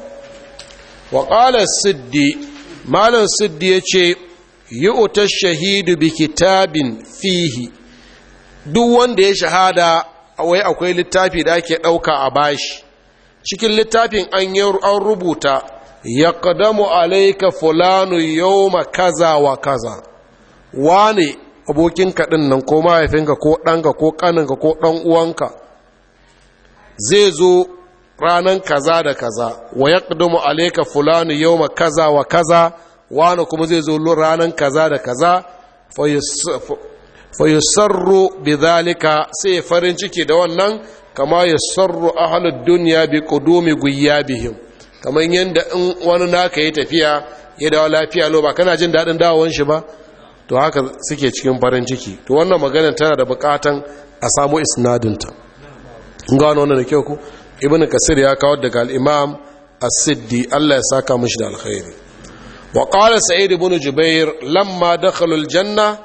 Speaker 1: wa qala siddi malam siddi yace yu'ta shahidu bi kitabin fihi duk wanda ya shahada wai akwai littafi da ake ɗauka a bashi cikin littafin an rubuta ya kadamu alaika fulanu yawma kaza wa kaza wane abokin ɗin nan ko mahaifinka ko ɗanka ko ƙaninka ko ɗan uwanka zai zo ranan kaza da kaza wa ya alaika fulanu yawma kaza wa kaza wani kuma zai zo ranar kaza da kaza fayusarru bi zalika sai farin ciki da wannan kama yusarru ahlud duniya bi qudumi guyyabihim kamar yadda in wani naka yi tafiya ya dawo lafiya lo ba kana jin daɗin dawon shi ba to haka suke cikin farin ciki to wannan magana tana da buƙatan a samu isnadinta in gano wannan da kyau ku ibnu kasir ya kawo daga al-imam as-siddi Allah ya saka mishi da alkhairi wa qala sa'id ibn jubair lamma dakhalu aljanna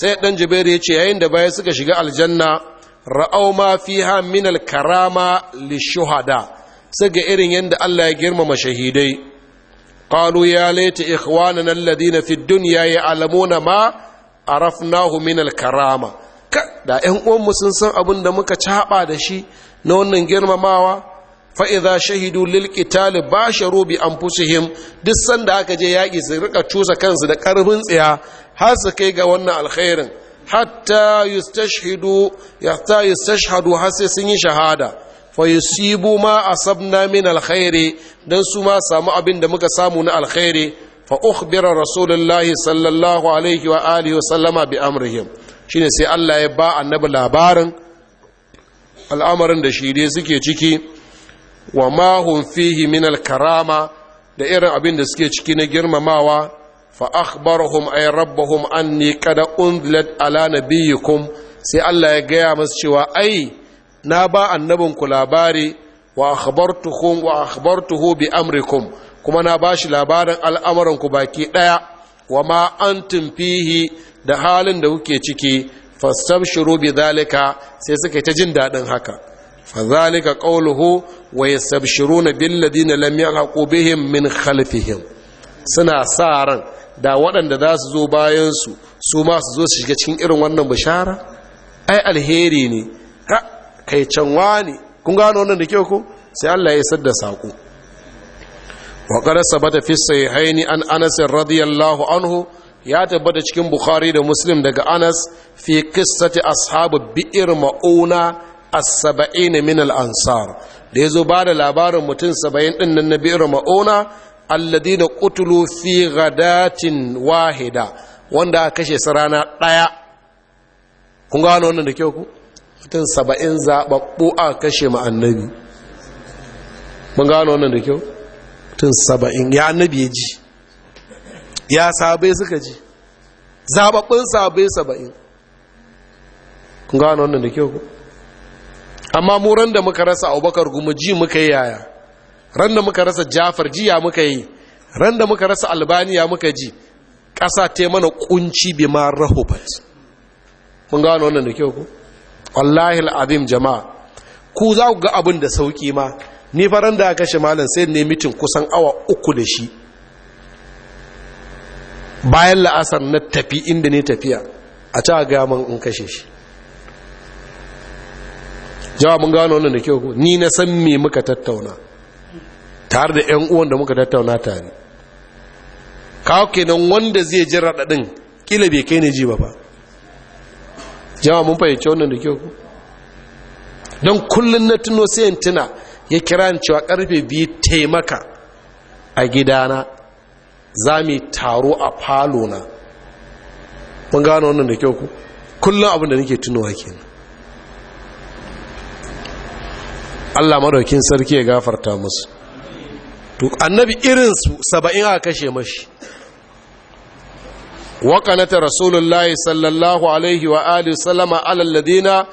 Speaker 1: sai dan jubair ya ce yayin da baya suka shiga aljanna ra'aw ma fiha min alkarama lishuhada suka irin yanda Allah ya girmama shahidai qalu ya laita ikhwanana alladhina fid dunya ya'lamuna ma arafnahu min alkarama da ƴan uwanmu sun san abin da muka caɓa da shi na wannan girmamawa faiza shahidu lil qital basharu bi anfusihim duk sanda aka je yaƙi su rika cusa kansu da karfin tsiya har su kai ga wannan alkhairin hatta yustashhidu hatta yustashhadu har sai sun yi shahada fa yusibu ma asabna min alkhairi dan su ma samu abin da muka samu na alkhairi fa ukhbira rasulullahi sallallahu alaihi wa alihi wa sallama bi amrihim shine sai Allah ya ba annabi labarin al'amarin da shi dai suke ciki wa mahun fihi min karama da irin abin da suke ciki na girmamawa fa akhbarahum ay rabbahum anni kada unzilat ala nabiyikum sai Allah ya gaya masu cewa ai na ba annabin ku labari wa akhbartuhum wa akhbartuhu bi amrikum kuma na bashi labarin al'amuranku baki daya wa ma antum fihi da halin da kuke ciki fastabshiru bi zalika sai suka ta jin dadin haka fadhalika qawluhu wa yastabshiruna na ladina lam yaqu bihim min khalfihim suna sa ran da waɗanda za su zo bayan su ma su zo su shiga cikin irin wannan bishara ai alheri ne ha kai can wani kun gano wannan da kyau ko sai Allah ya sadda sako wa qad sabata fi sahihaini an Anas radiyallahu anhu ya tabbata cikin bukhari da muslim daga anas fi kissati ashabu bi'ir ma'una as-saba'in min al-ansar da yazo ba da labarin mutum 70 din nan nabi bi'ir mauna alladina qutulu fi ghadatin wahida wanda aka kashe su rana daya kun ga wannan da kyau ku mutum 70 zababbu a kashe mu annabi mun ga wannan da kyau mutum 70 ya annabi ya ji ya sabai suka ji zababbun sabai 70 kun ga wannan da kyau ku amma mu randa muka rasa abubakar gumu ji muka yi yaya ran muka rasa jafar jiya muka yi ran muka rasa albaniya muka ji ƙasa ta mana kunci bi ma rahobat mun gano wannan da kyau ku wallahi al'azim jama'a ku za ku ga abin da sauki ma ni faran da kashe malam sai ne mitin kusan awa uku da shi bayan la'asar na tafi inda ne tafiya a ta a in kashe shi jawa mun gano wannan da kyau ni na san me muka tattauna tare da ƴan uwan da muka tattauna tare kawo kenan wanda zai ji raɗaɗin kila bai kai ne ji ba ba jawa mun fahimci wannan da kyau don kullum na tuno sai in tuna ya kira ni cewa karfe biyu taimaka a gidana za mu taro a falo na mun gano wannan da kyau kullum abin da nake tunowa kenan Allah madaukin sarki ya gafarta musu to annabi irin su 70 aka kashe mashi wa qanata rasulullahi sallallahu alaihi wa alihi sallama alal ladina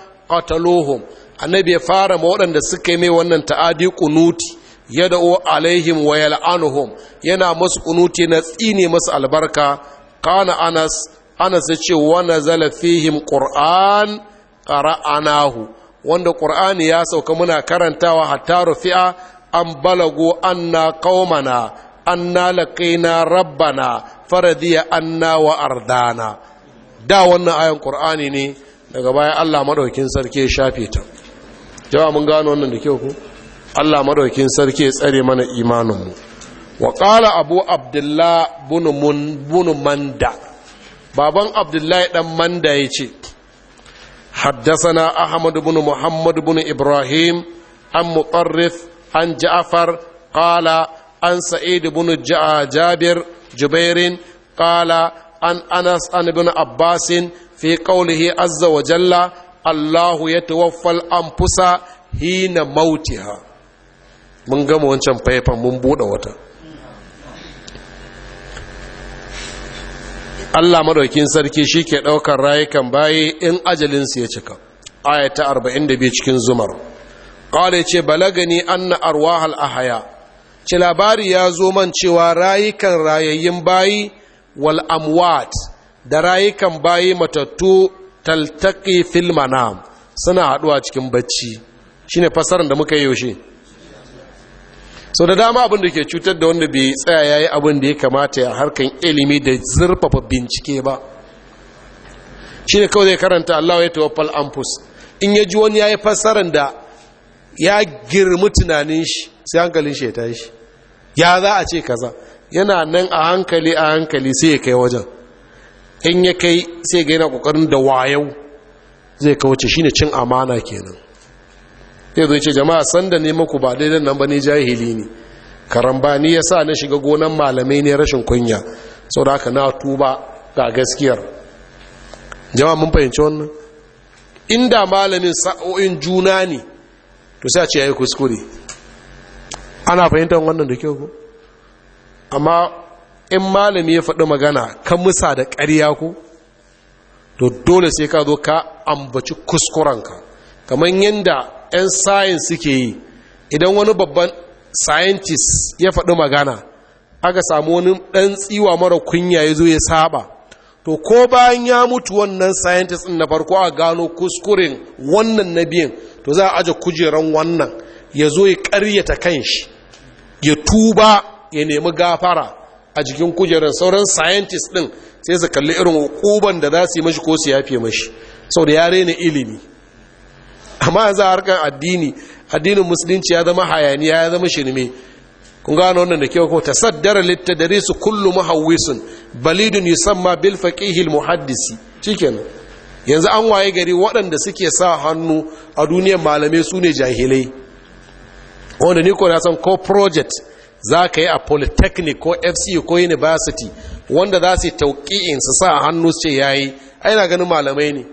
Speaker 1: annabi ya fara waɗanda suka yi mai wannan ta'adi kunuti ya da'o alaihim wa yal'anuhum yana masu kunuti na tsine musu albarka kana anas anas ya ce wa nazala fihim qur'an qara'anahu wanda ƙur'ani ya sauka muna karantawa hatta rufi'a an balago anna qaumana anna laqina rabbana faradiya anna wa ardana da wannan ayan ƙur'ani ne daga baya Allah madaukin sarki ya shafe ta jama'a mun gano wannan da kyau ku Allah madaukin sarki ya tsare mana imanin mu wa qala abu abdullah bunu mun bunu manda baban abdullahi dan manda yace حدثنا أحمد بن محمد بن إبراهيم عن مطرف عن جعفر قال عن سعيد بن جابر جبير قال عن أنس عن بن عباس في قوله عز وجل الله يتوفى الأنفس حين موتها mun gama wancan faifan mun buɗe wata Allah madaukin sarki shi ke ɗaukar rayukan bayi in ajalinsu ya cika ayata 42 cikin zumar ƙwale ce balagani anna arwahal ahaya ce labari ya zo man cewa rayukan rayayyin bayi wal amwat da rayukan bayi matattu taltaki fil manam suna haɗuwa cikin bacci shine fasarar da muka yi yaushe so da dama abin da ke cutar da wanda bai tsaya ya yi abin da ya kamata ya harkan ilimi da zurfafa bincike ba shi ne kawai zai karanta allawa ya fal amfus in ya ji wani ya yi fassarar da ya girmi tunanin shi sai hankalin shi ya tashi ya za a ce kaza yana nan a hankali a hankali sai ya kai wajen in ya kai sai ga yana kokarin da wayau zai kawace shine cin amana kenan sai zai ce jama'a sanda ne maku ba dai nan ba ne jahili ne ni ya sa na shiga gonan malamai ne rashin kunya sau da haka na tuba ga gaskiyar jama'a mun fahimci wannan inda malamin sa'o'in juna ne to sai a ce ya yi kuskure ana fahimtar wannan da kyau ko amma in malami ya faɗi magana kan musa da ƙarya ko to dole sai ka zo ka ambaci kuskurenka kamar yadda 'yan science suke yi idan wani babban scientist ya faɗi magana aka samu wani ɗan tsiwa mara kunya ya zo ya saba to ko bayan ya mutu wannan scientist na farko a gano kuskuren wannan na biyan to za a aje kujeran wannan ya zo ya ƙaryata shi ya tuba ya nemi gafara a jikin kujerar sauran scientist ɗin sai su kalli irin hukuban da za su yi mashi ko su yafe mashi sau da ya rena ilimi amma yanzu a harkar addini addinin musulunci ya zama hayaniya ya zama shirme kun gano wannan da kyau ko tasaddara littadarisu kullu muhawwisin balidun ma bil faqihil muhaddisi cikin yanzu an waye gari waɗanda suke sa hannu a duniyar malamai su ne jahilai wanda ni ko na san ko project za ka yi a polytechnic ko fc ko university wanda za su yi tauƙi'in su sa hannu su ce yayi ai na ganin malamai ne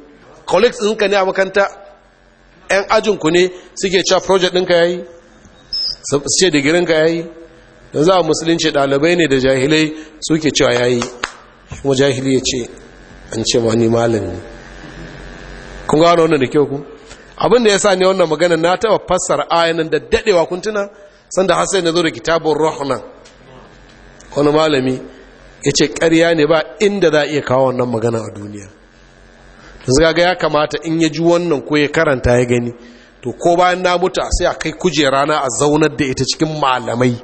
Speaker 1: colleagues ɗinka ne a makanta 'yan ajinku ne suke cewa project ɗinka ya yi su ce digirinka ya yi da za a musulunci ɗalibai ne da jahilai suke cewa ya yi kuma jahili ya ce an ce ma ni malami. kun gano wannan da kyau ku abin da ya sa ne wannan magana na taɓa fassara ayanan da daɗewa kun sanda hassan na zo da kitabun rohna wani malami ya ce karya ne ba inda za a iya kawo wannan magana a duniya zaga ga ya kamata in ya ji wannan ko ya karanta ya gani to ko bayan na mutu sai a kai kujera na a zaunar da ita cikin malamai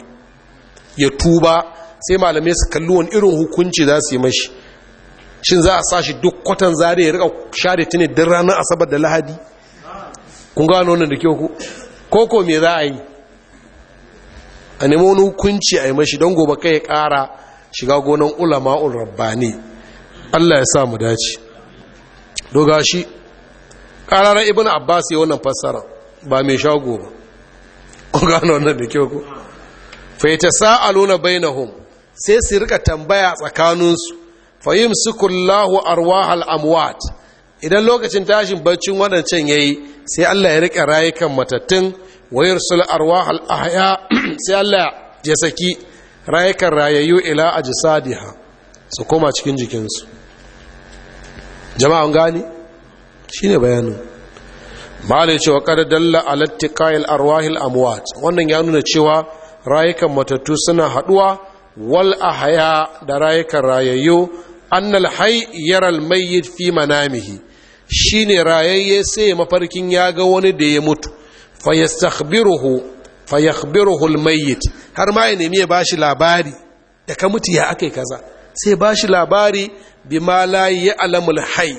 Speaker 1: ya tuba sai malamai su kalli wani irin hukunci za su yi mashi shin za a sa duk kwatan zare ya rika share tuni don ranar asabar da lahadi kun gano wannan da kyau ku koko me za a yi a nemi wani hukunci a yi mashi don gobe kai ya kara shiga gonan ulama'ul rabbani allah ya sa mu dace doga shi ƙararar ibn abbas ya wannan fassara ba mai shago ba ku gano wannan da kyau ku faita sa'aluna bainahum sai su rika tambaya tsakaninsu fahim kullahu arwahal amwat idan lokacin tashin barcin waɗancan yi, sai Allah ya rika rayukan matattun wayar su arwahal ahya sai Allah ya saki rayukan rayayyu ila a ajsadiha su koma cikin jikinsu jama'an gani shi ne bayanin malai cewa kada dalla alatti kayil arwahil amwat wannan ya nuna cewa rayukan matattu suna haɗuwa. wal ahaya da rayukan rayayyo annal hay yaral mayyit fi manamihi shine rayayye sai mafarkin ya ga wani da ya mutu fayastakhbiruhu fayakhbiruhu al mayyit har ma ya nemi ya bashi labari da ka mutu ya akai kaza sai ba shi labari bi ma la alamul hay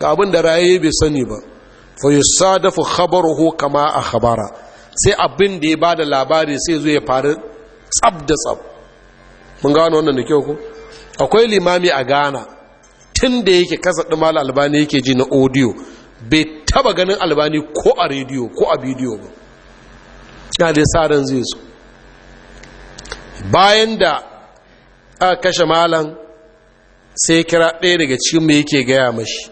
Speaker 1: ga abin da raye bai sani ba fa yusadafu khabaruhu kama a khabara sai abin da ya bada labari sai zo ya faru tsab da tsab mun gano wannan da kyau ko akwai limami a Ghana tun da yake kasa ɗumala albani yake ji na audio, bai taba ganin albani ko a radio ko a bidiyo ba na dai sa ran zai so bayan da a kashe malam sai kira ɗaya daga cikin mai yake gaya mashi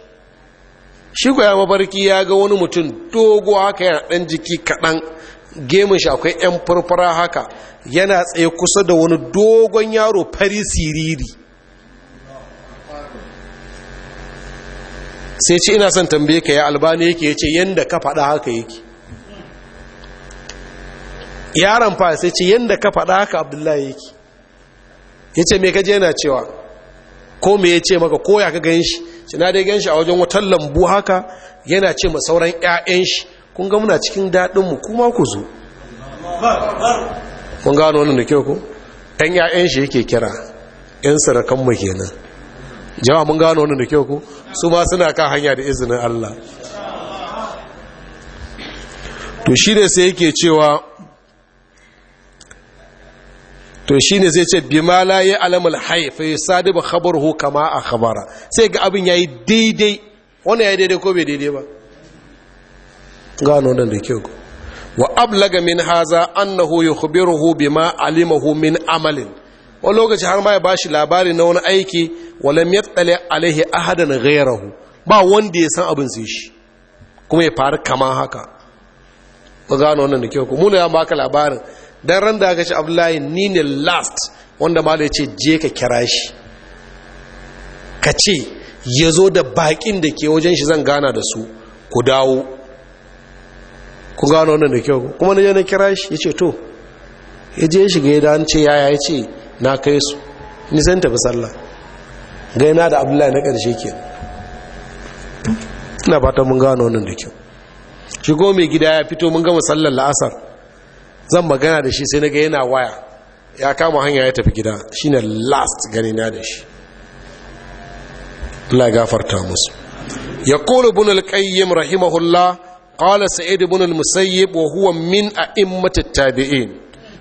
Speaker 1: shi ya mafarki ya ga wani mutum dogo haka yana ɗan jiki kaɗan gemun shi akwai 'yan farfara haka yana tsaye kusa da wani dogon yaro fari siriri sai ce ina son tambaye ka ya albani yake ya ce yadda ka faɗa haka yake yaron fa sai ce yadda ka faɗa haka abdullahi yake ya ce mai je yana cewa ko me ya ce maka koya ka gan shi shi na dai gan shi a wajen watan lambu haka yana ce ma sauran 'ya'yan shi kun ga muna cikin daɗinmu kuma ku zo kun gano wani da kyau ku ɗan 'ya'yan shi yake kira 'yan sarakanmu kenan jawa mun gano wani da kyau ku su ma suna ka hanya da izinin allah to shi da sai yake cewa to shine zai ce bima la ya alamul hay ba yusadibu hu kama a khabara sai ga abin ya yi daidai Wani ya yi daidai ko bai daidai ba gano nan da kyau wa ablaga min haza annahu yukhbiruhu bima alimahu min amalin wani lokaci har ma ya bashi labari na wani aiki walam yattali alaihi ahadan ghayrahu ba wanda ya san abin sai shi kuma ya faru kama haka ba gano wannan da kyau ko mu ne ya baka labarin dan ran da aka ce abdullahi ni ne last wanda malu ya ce je ka kira shi ka ce ya zo da bakin da ke wajen shi zan gana da su ku dawo ku gano wannan da kyau kuma na je na kira shi ya ce to ya je shiga ya dan ce yaya ya ce na kai su ni zan tafi sallah gaina da abdullahi na ƙarshe ke ina fatan mun gano wannan da kyau shigo mai gida ya fito mun gama sallar la'asar zan magana da shi sai na ga yana waya ya kama hanya ya tafi gida shine last gani na da shi Allah gafarta musu يقول ابن القيم رحمه الله قال سعيد بن المسيب وهو من أئمة التابعين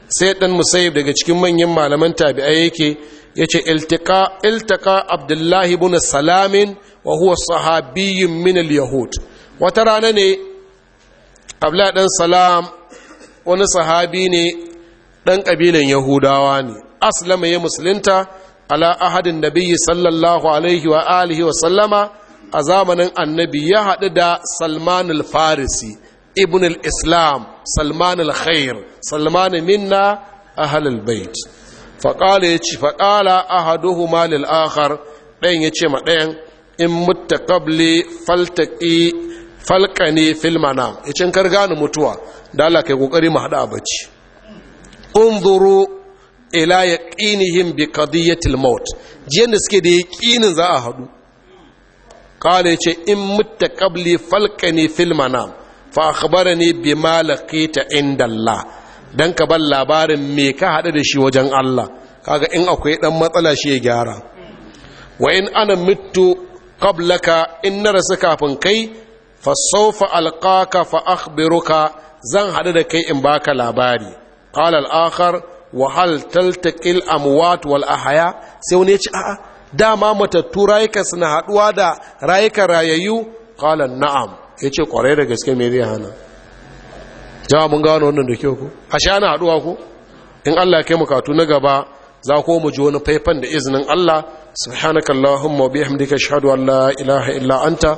Speaker 1: سيد بن المسيب daga cikin manyan malaman tabi'ai yake yace iltiqa iltaqa Abdullah ibn Salam wa huwa sahabiyyun min al-yahud wata rana ne Abdullah dan Salam wani sahabi ne ɗan ƙabilan yahudawa ne aslama ya musulunta ala ahadin nabiyyi sallallahu alaihi wa alihi wa sallama a zamanin annabi ya haɗu da salman al-farisi ibn al-islam salman al-khair salman minna ahal al-bait faƙala ya ce faƙala ahaduhu lil akhar ɗayan ya ce ma ɗayan in mutta qabli faltaqi falka ne filmana icin kar gane mutuwa da Allah kai kokari mu hada bacci unzuru ila yaqinihim bi qadiyatil maut jiyan da suke da yaqinin za a hadu qala yace in mutta qabli falqani fil manam fa akhbarani bima laqita inda Allah dan ka bar labarin me ka hada da shi wajen Allah kaga in akwai dan matsala shi ya gyara wa in ana mittu qablaka in na rasa kafin kai fasaufa alƙaka fa akhbiruka zan haɗu da kai in baka labari qala al-akhar wa hal taltaqil amwat wal ahya sai wani ya ce a'a dama matattu rayuka suna haɗuwa da rayuka rayayyu qala na'am yace kwarai da gaske me zai hana jama'a mun gano wannan da kyau ko ashe ana haɗuwa ko in Allah ya kai mu katu na gaba za ko mu ji wani faifan da izinin Allah subhanakallahumma wa bihamdika ashhadu an la ilaha illa anta